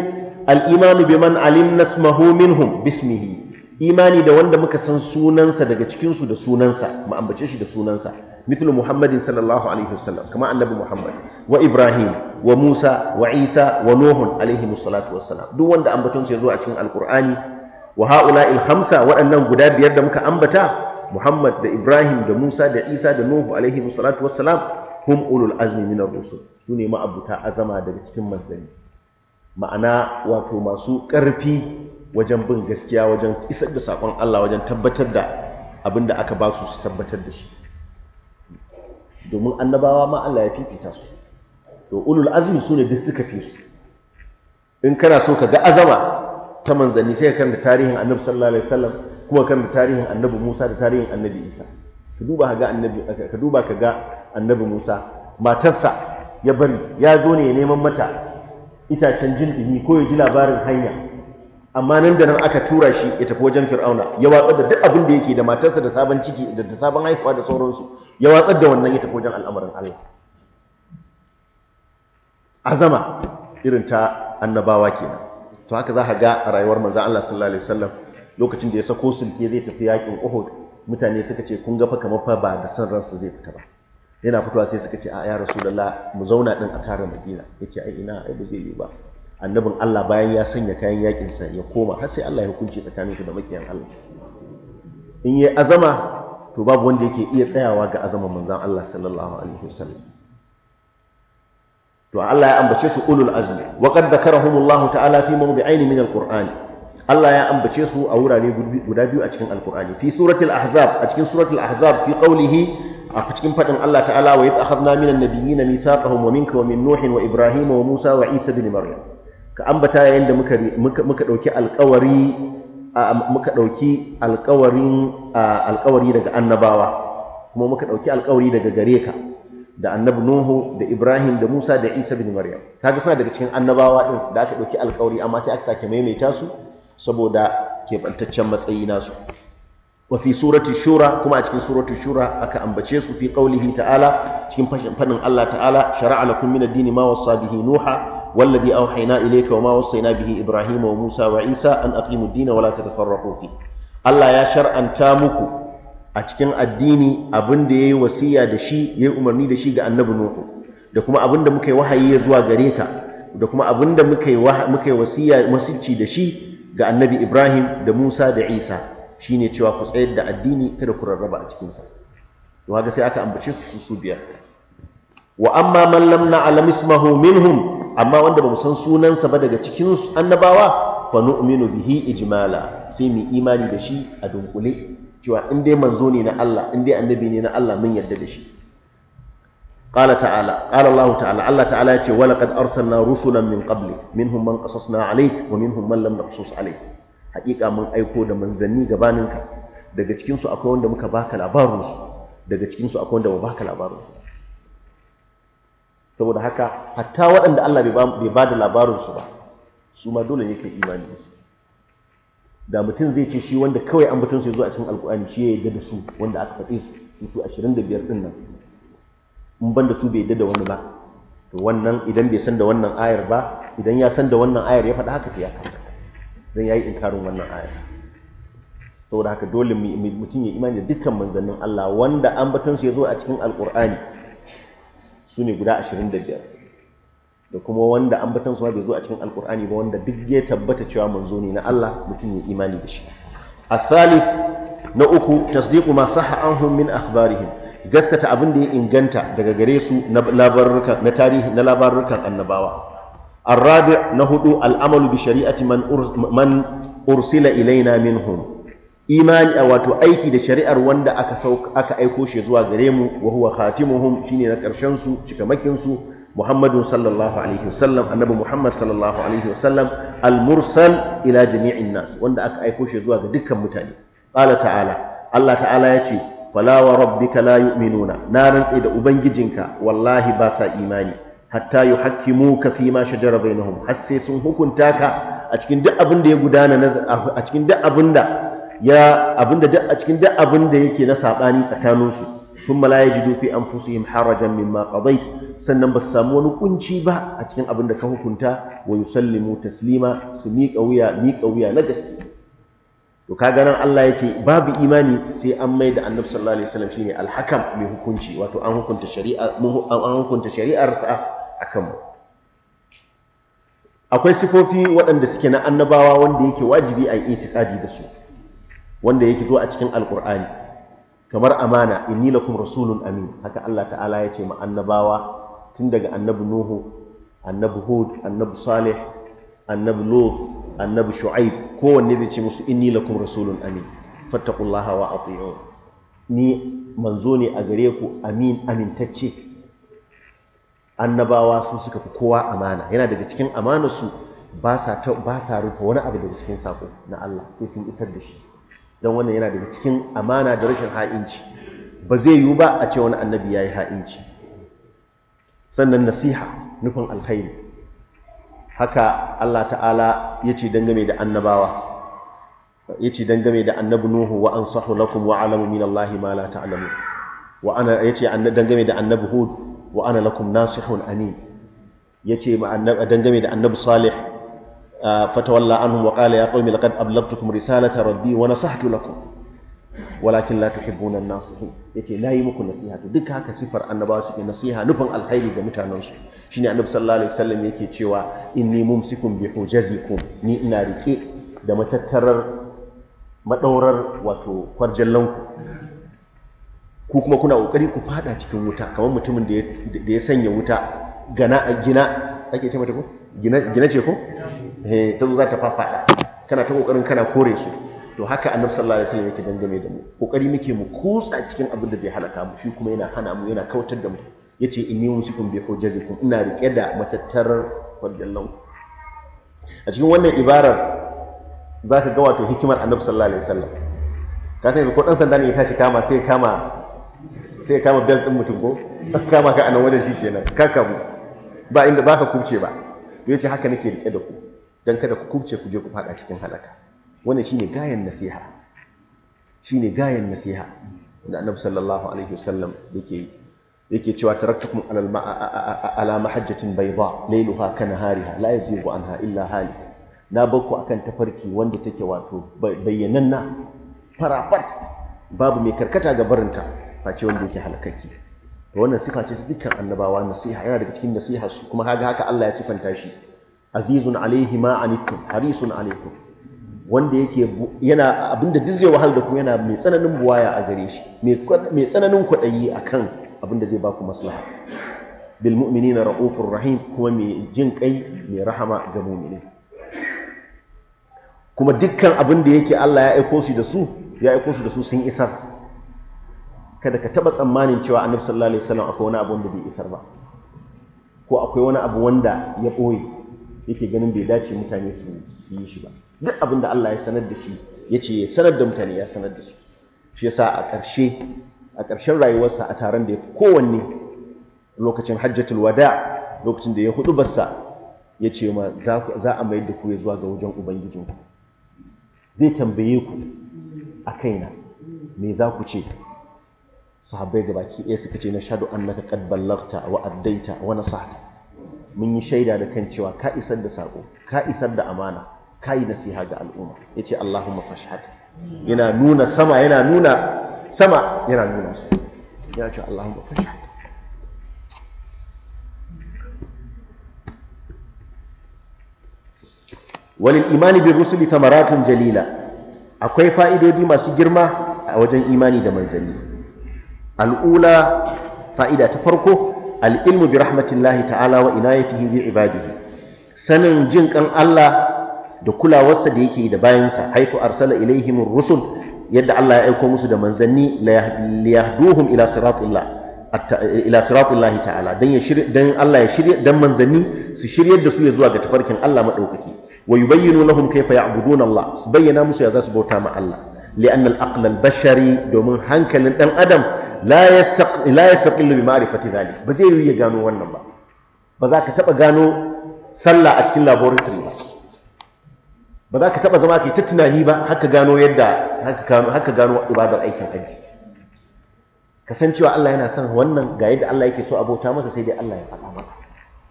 al bi man alimna ismahu minhum bismihi imani da wanda muka san sunansa daga cikin su da sunansa mu ambace shi da sunansa mithlu muhammadin sallallahu alaihi wasallam kama annabi muhammad wa ibrahim wa musa wa isa wa nuhun alaihi wassalatu wassalam duk wanda ambaton su ya zo a cikin alqur'ani wa haula Hamsa waɗannan guda biyar da muka ambata Muhammad da Ibrahim da Musa da Isa da Nuhu alaihi wassalatu wassalam hum ulul azmi min ar-rusul su ne ma'abuta azama daga cikin manzani? ma'ana wato masu ƙarfi wajen bin gaskiya wajen isar da saƙon Allah wajen tabbatar da abin da aka ba su su tabbatar da shi domin annabawa ma Allah ya fifita su to ulul azmi su ne duk suka fi su in kana so ka ga azama ta manzanni sai ka da tarihin annabi sallallahu alaihi wasallam kuma da tarihin annabi Musa da tarihin annabi Isa ka duba ka ga annabi ka duba ka ga annabi Musa matarsa ya bari ya zo ne ya neman mata itacen jin dumi ko ya ji labarin hanya amma nan da nan aka tura shi ya tafi wajen Fir'auna ya watsar da duk abin da yake da matarsa da sabon ciki da sabon haihuwa da sauransu ya watsar da wannan ya tafi wajen al'amarin Allah azama irin ta annabawa kenan to haka za ka ga a rayuwar manzan Allah sallallahu alaihi wasallam lokacin da ya sako sulke zai tafi yakin Uhud mutane suka ce kun ga fa kamar fa ba da san ransa zai fita ba yana fitowa sai suka ce a ya rasulullah mu zauna din a kare Madina yace ai ina ai ba zai yi ba annabin Allah bayan ya sanya kayan yakin sa ya koma har sai Allah ya hukunci tsakanin shi da makiyan Allah in yi azama to babu wanda yake iya tsayawa ga azaman manzan Allah sallallahu alaihi wasallam to Allah ya ambace su ulul azmi wa qad dhakarahumullahu ta'ala fi mawdi'ain min alquran Allah ya ambace su a wurare guda biyu a cikin alqurani fi suratul ahzab a cikin suratul ahzab fi qawlihi a cikin faɗin Allah ta'ala wa yadda akhadna minan nabiyina mithaqahum wa minka wa min nuhin wa ibrahim wa musa wa isa bin maryam ka ambata yayin da muka muka dauki alƙawari muka dauki alƙawarin alƙawari daga annabawa kuma muka dauki alƙawari daga gare ka da annabi Nuhu da Ibrahim da Musa da Isa bin Maryam kaga suna daga cikin annabawa din da aka ɗauki alkawari amma sai aka sake maimaita su saboda keɓantaccen matsayi nasu wa fi surati shura kuma a cikin surati shura aka ambace su fi qaulihi ta'ala cikin fadin Allah ta'ala shara'a lakum min ad-dini ma wasa bihi Nuha ma wasayna Ibrahim wa wa wa wa isa an mu dina wa la tatafarraqu fi Allah ya shar'anta muku. a cikin addini abin da ya yi wasiya da shi ya yi umarni da shi ga annabi nuhu da kuma abin da muka yi wahayi ya zuwa gare ka da kuma abin da muka yi muka yi wasiya wasicci da shi ga annabi Ibrahim da Musa da Isa shine cewa ku tsayar da addini kada ku rarraba a cikin sa to haka sai aka ambace su su biyar wa amma man lam na'lam ismahu minhum amma wanda ba mu san sunansa ba daga cikin annabawa fa nu'minu bihi ijmala sai mu imani da shi a dunkule cewa in dai manzo ne na Allah in dai annabi ne na Allah mun yarda da shi qala ta'ala qala Allah ta'ala Allah ta'ala ya ce wa laqad arsalna rusulan min qablik minhum man na alayk wa minhum man lam naqsus alayk Haƙiƙa mun aiko da manzanni gabaninka daga cikin su akwai wanda muka baka labarin su daga cikin su akwai wanda ba baka labarin su saboda haka hatta waɗanda Allah bai ba da labarin su ba su ma dole ne kai imani da su da mutum zai ce shi wanda kawai an batun sai zo a cikin alkur'ani shi ya yi da su wanda aka faɗi su su ashirin da biyar ɗin nan in ban da su bai yarda da wani ba to wannan idan bai san da wannan ayar ba idan ya san da wannan ayar ya faɗa haka ta ya kamata zan yayi inkarin wannan ayar saboda haka dole mutum ya imani da dukkan manzannin Allah wanda an batun su ya zo a cikin alkur'ani su ne guda ashirin da biyar da kuma wanda ambatan suwa bai zo a cikin alkur'ani ba wanda duk ya tabbata cewa manzo ne na Allah mutum ya imani da shi A thalith na uku Tasdiku ma sahha anhum min akhbarihim gaskata abin da ya inganta daga gare su na labarurkan na tarihi na annabawa arrabi na hudu al'amalu bi shari'ati man man ursila ilaina minhum imani a wato aiki da shari'ar wanda aka aka aiko shi zuwa gare mu wa huwa khatimuhum shine na karshen su cikamakin su muhammadun sallallahu alaihi wasallam annabi muhammad sallallahu alaihi wasallam al-mursal ila jami'in nas wanda aka aiko shi zuwa ga dukkan mutane qala ta'ala Allah ta'ala ya ce Falawa wa rabbika la nuna. na rantse da ubangijinka wallahi ba sa imani hatta yuhakkimuka kafi ma shajara bainahum har sai sun hukunta ka a cikin duk abin da ya gudana a cikin duk abin da ya na sabani tsakaninsu thumma la yajidu fi anfusihim harajan min qadait sannan ba su samu wani kunci ba a cikin abin da ka hukunta wa yusallimu taslima su miƙa wuya miƙa wuya na gaske to kaga nan Allah ya ce babu imani sai an mai da annabi sallallahu alaihi wasallam shine alhakam mai hukunci wato an hukunta shari'a an hukunta shari'ar sa akan mu akwai sifofi waɗanda suke na annabawa wanda yake wajibi a yi itikadi da su wanda yake zo a cikin alkur'ani kamar amana inni lakum rasulun amin haka Allah ta'ala ya ce ma annabawa tun daga annabi nuhu annabi hud annabi salih annabi lut annabi shu'aib kowanne zai ce musu inni lakum rasulun amin fattaqullaha wa ati'un ni manzo ne a gare ku amin amintacce annabawa su suka fi kowa amana yana daga cikin amanarsu ba sa ba rufe wani abu daga cikin sako na Allah sai sun isar da shi don wannan yana daga cikin amana da rashin ha'inci ba zai yiwu ba a ce wani annabi ya yi ha'inci sannan nasiha nufin alkhairi haka Allah ta'ala ya ce dangame da annabawa ya ce dangame da annabi Nuhu wa ansahu lakum wa alamu min Allah ma la ta'lamu wa ana ya ce dangame da annabi Hud wa ana lakum nasihun amin ya ce dangame da annabi Salih fatawalla anhum wa qala ya qaumi laqad ablagtukum risalata rabbi wa nasahtu lakum walakin la tuhibbuna an-nasihin yace na yi muku nasiha to duk haka sifar annabawa suke nasiha nufin alkhairi ga mutanen su shine annabi sallallahu alaihi wasallam yake cewa inni mumsikun bi hujazikum ni ina rike da matattarar madaurar wato kwarjallanku ku kuma kuna kokari ku fada cikin wuta kamar mutumin da ya sanya wuta gana a gina ake ce mata ko gina ce ko eh ta zo za ta fafada kana ta kokarin kana kore su to haka annabi sallallahu alaihi wasallam yake dangane da mu kokari muke mu kusa cikin abin da zai halaka mu shi kuma yana hana mu yana kautar da mu yace inni wasikum bi hujjatikum ina rike da matattarar fadlan a cikin wannan ibarar za ka ga wato hikimar annabi sallallahu alaihi wasallam ka san ko dan sanda ne ya tashi kama sai kama sai kama belt din mutum ko kama ka anan wajen shikenan ka kamu ba inda baka kubce ba to yace haka nake rike da ku dan kada ku kubce ku je ku fada cikin halaka wannan shine gayan nasiha shine gayan nasiha da annabi sallallahu alaihi wasallam yake yake cewa taraktukum alal ala mahajjatin bayda laylaha kanahariha la yazigu anha illa hali na bakku akan tafarki wanda take wato bayyananna farafat babu mai karkata ga barinta face wanda yake halakakki wannan sifa ce ta dukkan annabawa nasiha yana daga cikin nasiha kuma kaga haka Allah ya sifanta shi azizun alaihi ma anittum harisun alaikum wanda yake yana abinda duk zai wahal da ku yana mai tsananin buwaya a gare shi mai tsananin kwaɗayi a kan abinda zai baku maslaha bil na ra'ufin rahim kuma mai jin kai mai rahama ga mu'mini kuma dukkan abin da yake Allah ya aiko su da su ya aiko su da su sun isar kada ka taba tsammanin cewa annabi sallallahu alaihi wasallam akwai wani abu wanda bai isar ba ko akwai wani abu wanda ya ɓoye yake ganin bai dace mutane su yi shi ba duk abin da Allah ya sanar da shi ya ce ya sanar da mutane ya sanar da su shi yasa a ƙarshe a ƙarshen rayuwarsa a taron da ya fi kowanne lokacin hajjatul wada lokacin da ya hudu bassa ya ce ma za a mayar da ku ya zuwa ga wajen ubangijinku zai tambaye ku a kaina me za ku ce sahabbai ga baki ɗaya suka ce na shaɗu annaka qad ballagta wa addaita wa nasahta mun yi shaida da kan cewa ka isar da sako ka isar da amana kai nasiha ga al'umma Ya yace Allahumma fashhad yana nuna sama yana nuna sama yana nuna su Ya ce Allahumma fashhad walil imani bin rusuli thamaratun jalila akwai fa'idodi masu girma a wajen imani da manzanni al'ula fa'ida ta farko al'ilmu bi rahmatillahi ta'ala wa inayatihi bi ibadihi sanin jin kan Allah da kulawarsa da yake da bayansa haifu arsala ilaihim rusul yadda Allah ya aiko musu da manzanni liyahduhum ila siratillah ila siratillah ta'ala dan ya shirye dan Allah ya shirye dan manzanni su shiryar da su ya zuwa ga tafarkin Allah madaukaki wa yubayyinu lahum kayfa ya'buduna Allah su bayyana musu ya za su bauta ma Allah li'an al-aql al-bashari domin hankalin dan adam la yastaq la yastaqillu bi ma'rifati dhalik ba zai yi ya gano wannan ba ba za ka taba gano sallah a cikin laboratory ba ba za ka taɓa zama ke ta tunani ba haka gano yadda haka gano ibadar aikin hajji kasancewa Allah yana son wannan ga yadda Allah yake so abota masa sai dai Allah ya faɗa maka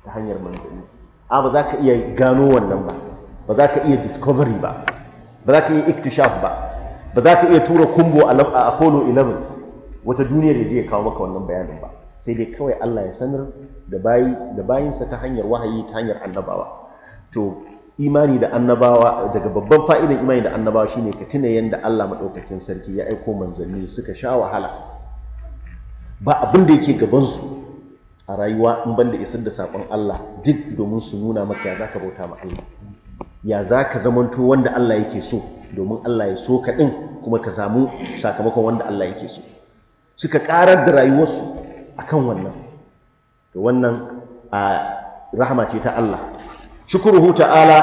ta hanyar manzanni a ba za ka iya gano wannan ba ba za ka iya discovery ba ba za ka iya iktishaf ba ba za ka iya tura kumbo a apollo 11 wata duniya da zai kawo maka wannan bayanin ba sai dai kawai Allah ya sanar da bayinsa ta hanyar wahayi ta hanyar annabawa to imani da annabawa daga babban fa'idan imani da annabawa shine ka tuna yadda Allah maɗaukakin sarki ya aiko manzanni suka sha wahala ba abin da yake gabansu a rayuwa in banda isar da saƙon Allah duk domin su nuna maka ya za ka bauta ma Allah ya za ka zamanto wanda Allah yake so domin Allah ya so ka ɗin kuma ka samu sakamakon wanda Allah yake so suka ƙarar da rayuwarsu akan wannan to wannan a rahama ce ta Allah shukruhu ta'ala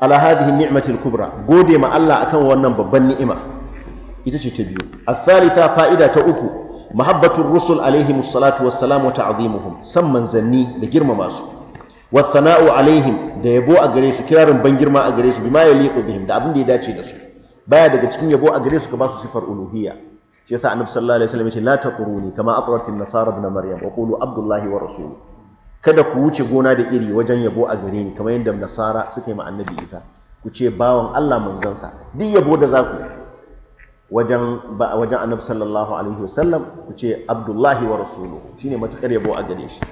ala hadhihi ni'mati kubra gode ma Allah akan wannan babban ni'ima ita ce ta biyu al-thalitha fa'ida ta uku mahabbatur rusul alaihim salatu wassalam wa ta'dhimuhum san manzanni da girmama su wa thana'u alaihim da yabo a gare su kirarin ban girma a gare su bima yaliqu bihim da abin da ya dace da su baya daga cikin yabo a gare su ka ba su sifar uluhiyya shi yasa annabi sallallahu alaihi wasallam ya ce la taquruni kama aqrat an-nasara ibn maryam wa qulu abdullahi wa rasuluhu kada ku wuce gona da iri wajen yabo a gare ni kamar yadda nasara suka yi ma annabi isa ku ce bawan Allah manzansa duk yabo da za ku wajen wajen annabi sallallahu alaihi wasallam ku ce abdullahi wa rasuluhu ne matukar yabo a gare shi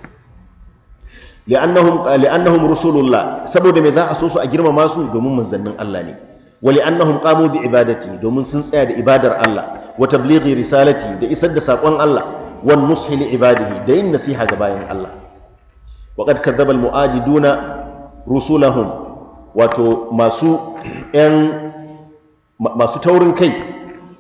li'annahum li'annahum rasulullah saboda me za a so su a girmama su domin manzannin Allah ne wa li'annahum qamu bi ibadati domin sun tsaya da ibadar Allah Wata tablighi risalati da isar da sakon Allah wani nushi li ibadihi da yin nasiha ga bayan Allah waƙad kazzabal duna rusulahun wato masu yan masu taurin kai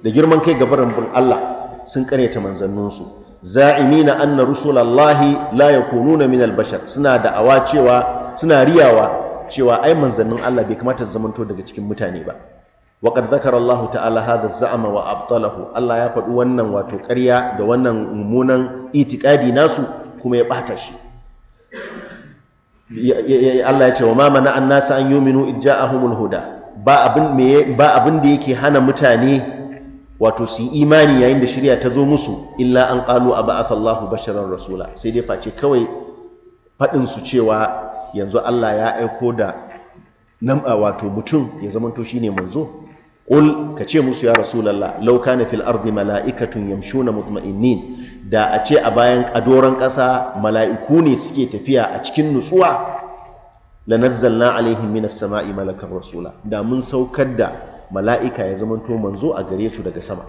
da girman kai ga barin Allah sun karyata manzanninsu za'imina anna rusulallahi la yakununa min albashar suna da'awa cewa suna riyawa cewa ai manzannin Allah bai kamata zamanto daga cikin mutane ba Waƙar zakarallahu ta'ala تعالى za'ama wa وابطله allah ya faɗi wannan wato ƙarya da wannan mummunan itikadi nasu kuma ya ɓata shi Allah ya ce wa mamana an nasa an yuminu minu ija huda ba abin ba abin da yake hana mutane wato su imani yayin da shirya ta zo musu illa an ƙalu a Allahu basharar rasula sai dai face kawai faɗin su cewa yanzu Allah ya aiko da nan wato mutum ya zamanto shine manzo ƙul ka ce musu ya rasulallah lau kana fil ardi mala'ikatun yamshuna mutma'innin da a ce a bayan adoran ƙasa mala'iku ne suke tafiya a cikin nutsuwa la nazzalna alaihim minas sama'i malakar rasula da mun saukar da mala'ika ya to manzo a gare su daga sama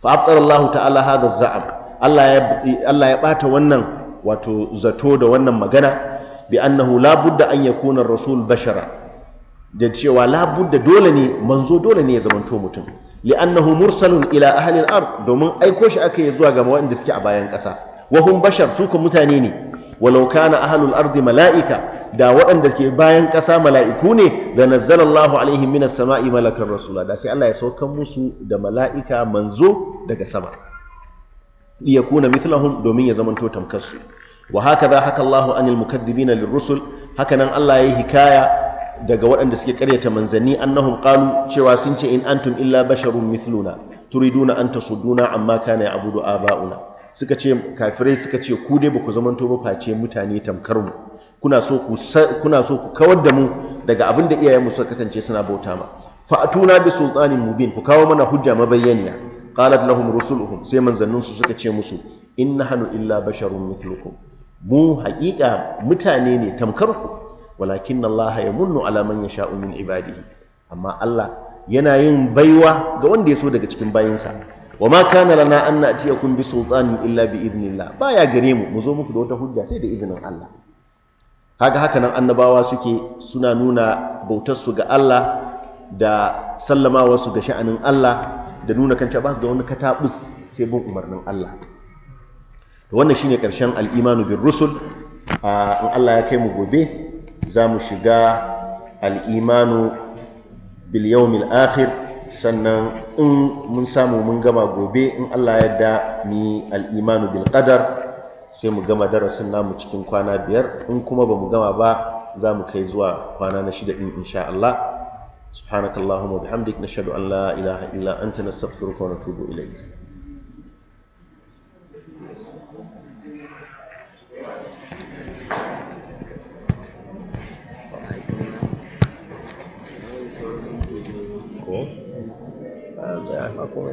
fa abtara Allah ta'ala hadha za'am Allah ya Allah bata wannan wato zato da wannan magana bi annahu la an ya kunan rasul bashara da cewa la da dole ne manzo dole ne ya zamanto mutum li'annahu mursalun ila ahalin ard domin aiko shi aka yi zuwa ga waɗanda suke a bayan ƙasa wa hum bashar su mutane ne walau kana ahlul ard mala'ika da waɗanda ke bayan ƙasa mala'iku ne da nazzala Allahu alaihim minas sama'i malakan rasula da sai Allah ya saukan musu da mala'ika manzo daga sama kuna mithlahum domin ya zamanto tamkar su wa hakaza haka Allahu anil mukaththibina lirrusul hakanan Allah ya yi hikaya daga waɗanda suke karyata manzanni annahum qalu cewa sun ce in antum illa basharun mithluna turiduna an tasudduna amma kana ya'budu aba'una suka ce kafirai suka ce ku dai baku zamanto ba face mutane tamkar mu kuna so ku kawar da mu daga abin da mu suka kasance suna bauta ma fa'atuna bi sultanin mubin ku kawo mana hujja mabayyaniya qalat lahum rusuluhum sai su suka ce musu in na hanu illa basharun mithlukum mu haƙiƙa mutane ne tamkar ku walakin Allah ya munnu ala man yasha min ibadihi amma Allah yana yin baiwa ga wanda ya so daga cikin bayinsa wa ma kana lana an na'tiyakum bi sultanin illa bi idnillah baya gare mu mu zo muku da wata hujja sai da izinin Allah haka haka nan annabawa suke suna nuna bautar su ga Allah da sallamawa su ga sha'anin Allah da nuna kan ba su da wani katabus sai bin umarnin Allah to wannan shine karshen al-imanu bir rusul ah, in Allah ya kai mu gobe za mu shiga al'imanu mil akhir sannan in mun samu mun gama gobe in Allah ya da ni al'imanu bil qadar sai mu gama darasin namu cikin kwana biyar in kuma ba mu gama ba za mu kai zuwa kwana na shida in insha Allah subhanakallahumma bihamdik nashhadu an la ilaha illa anta nastaghfiruka wa natubu 在法国。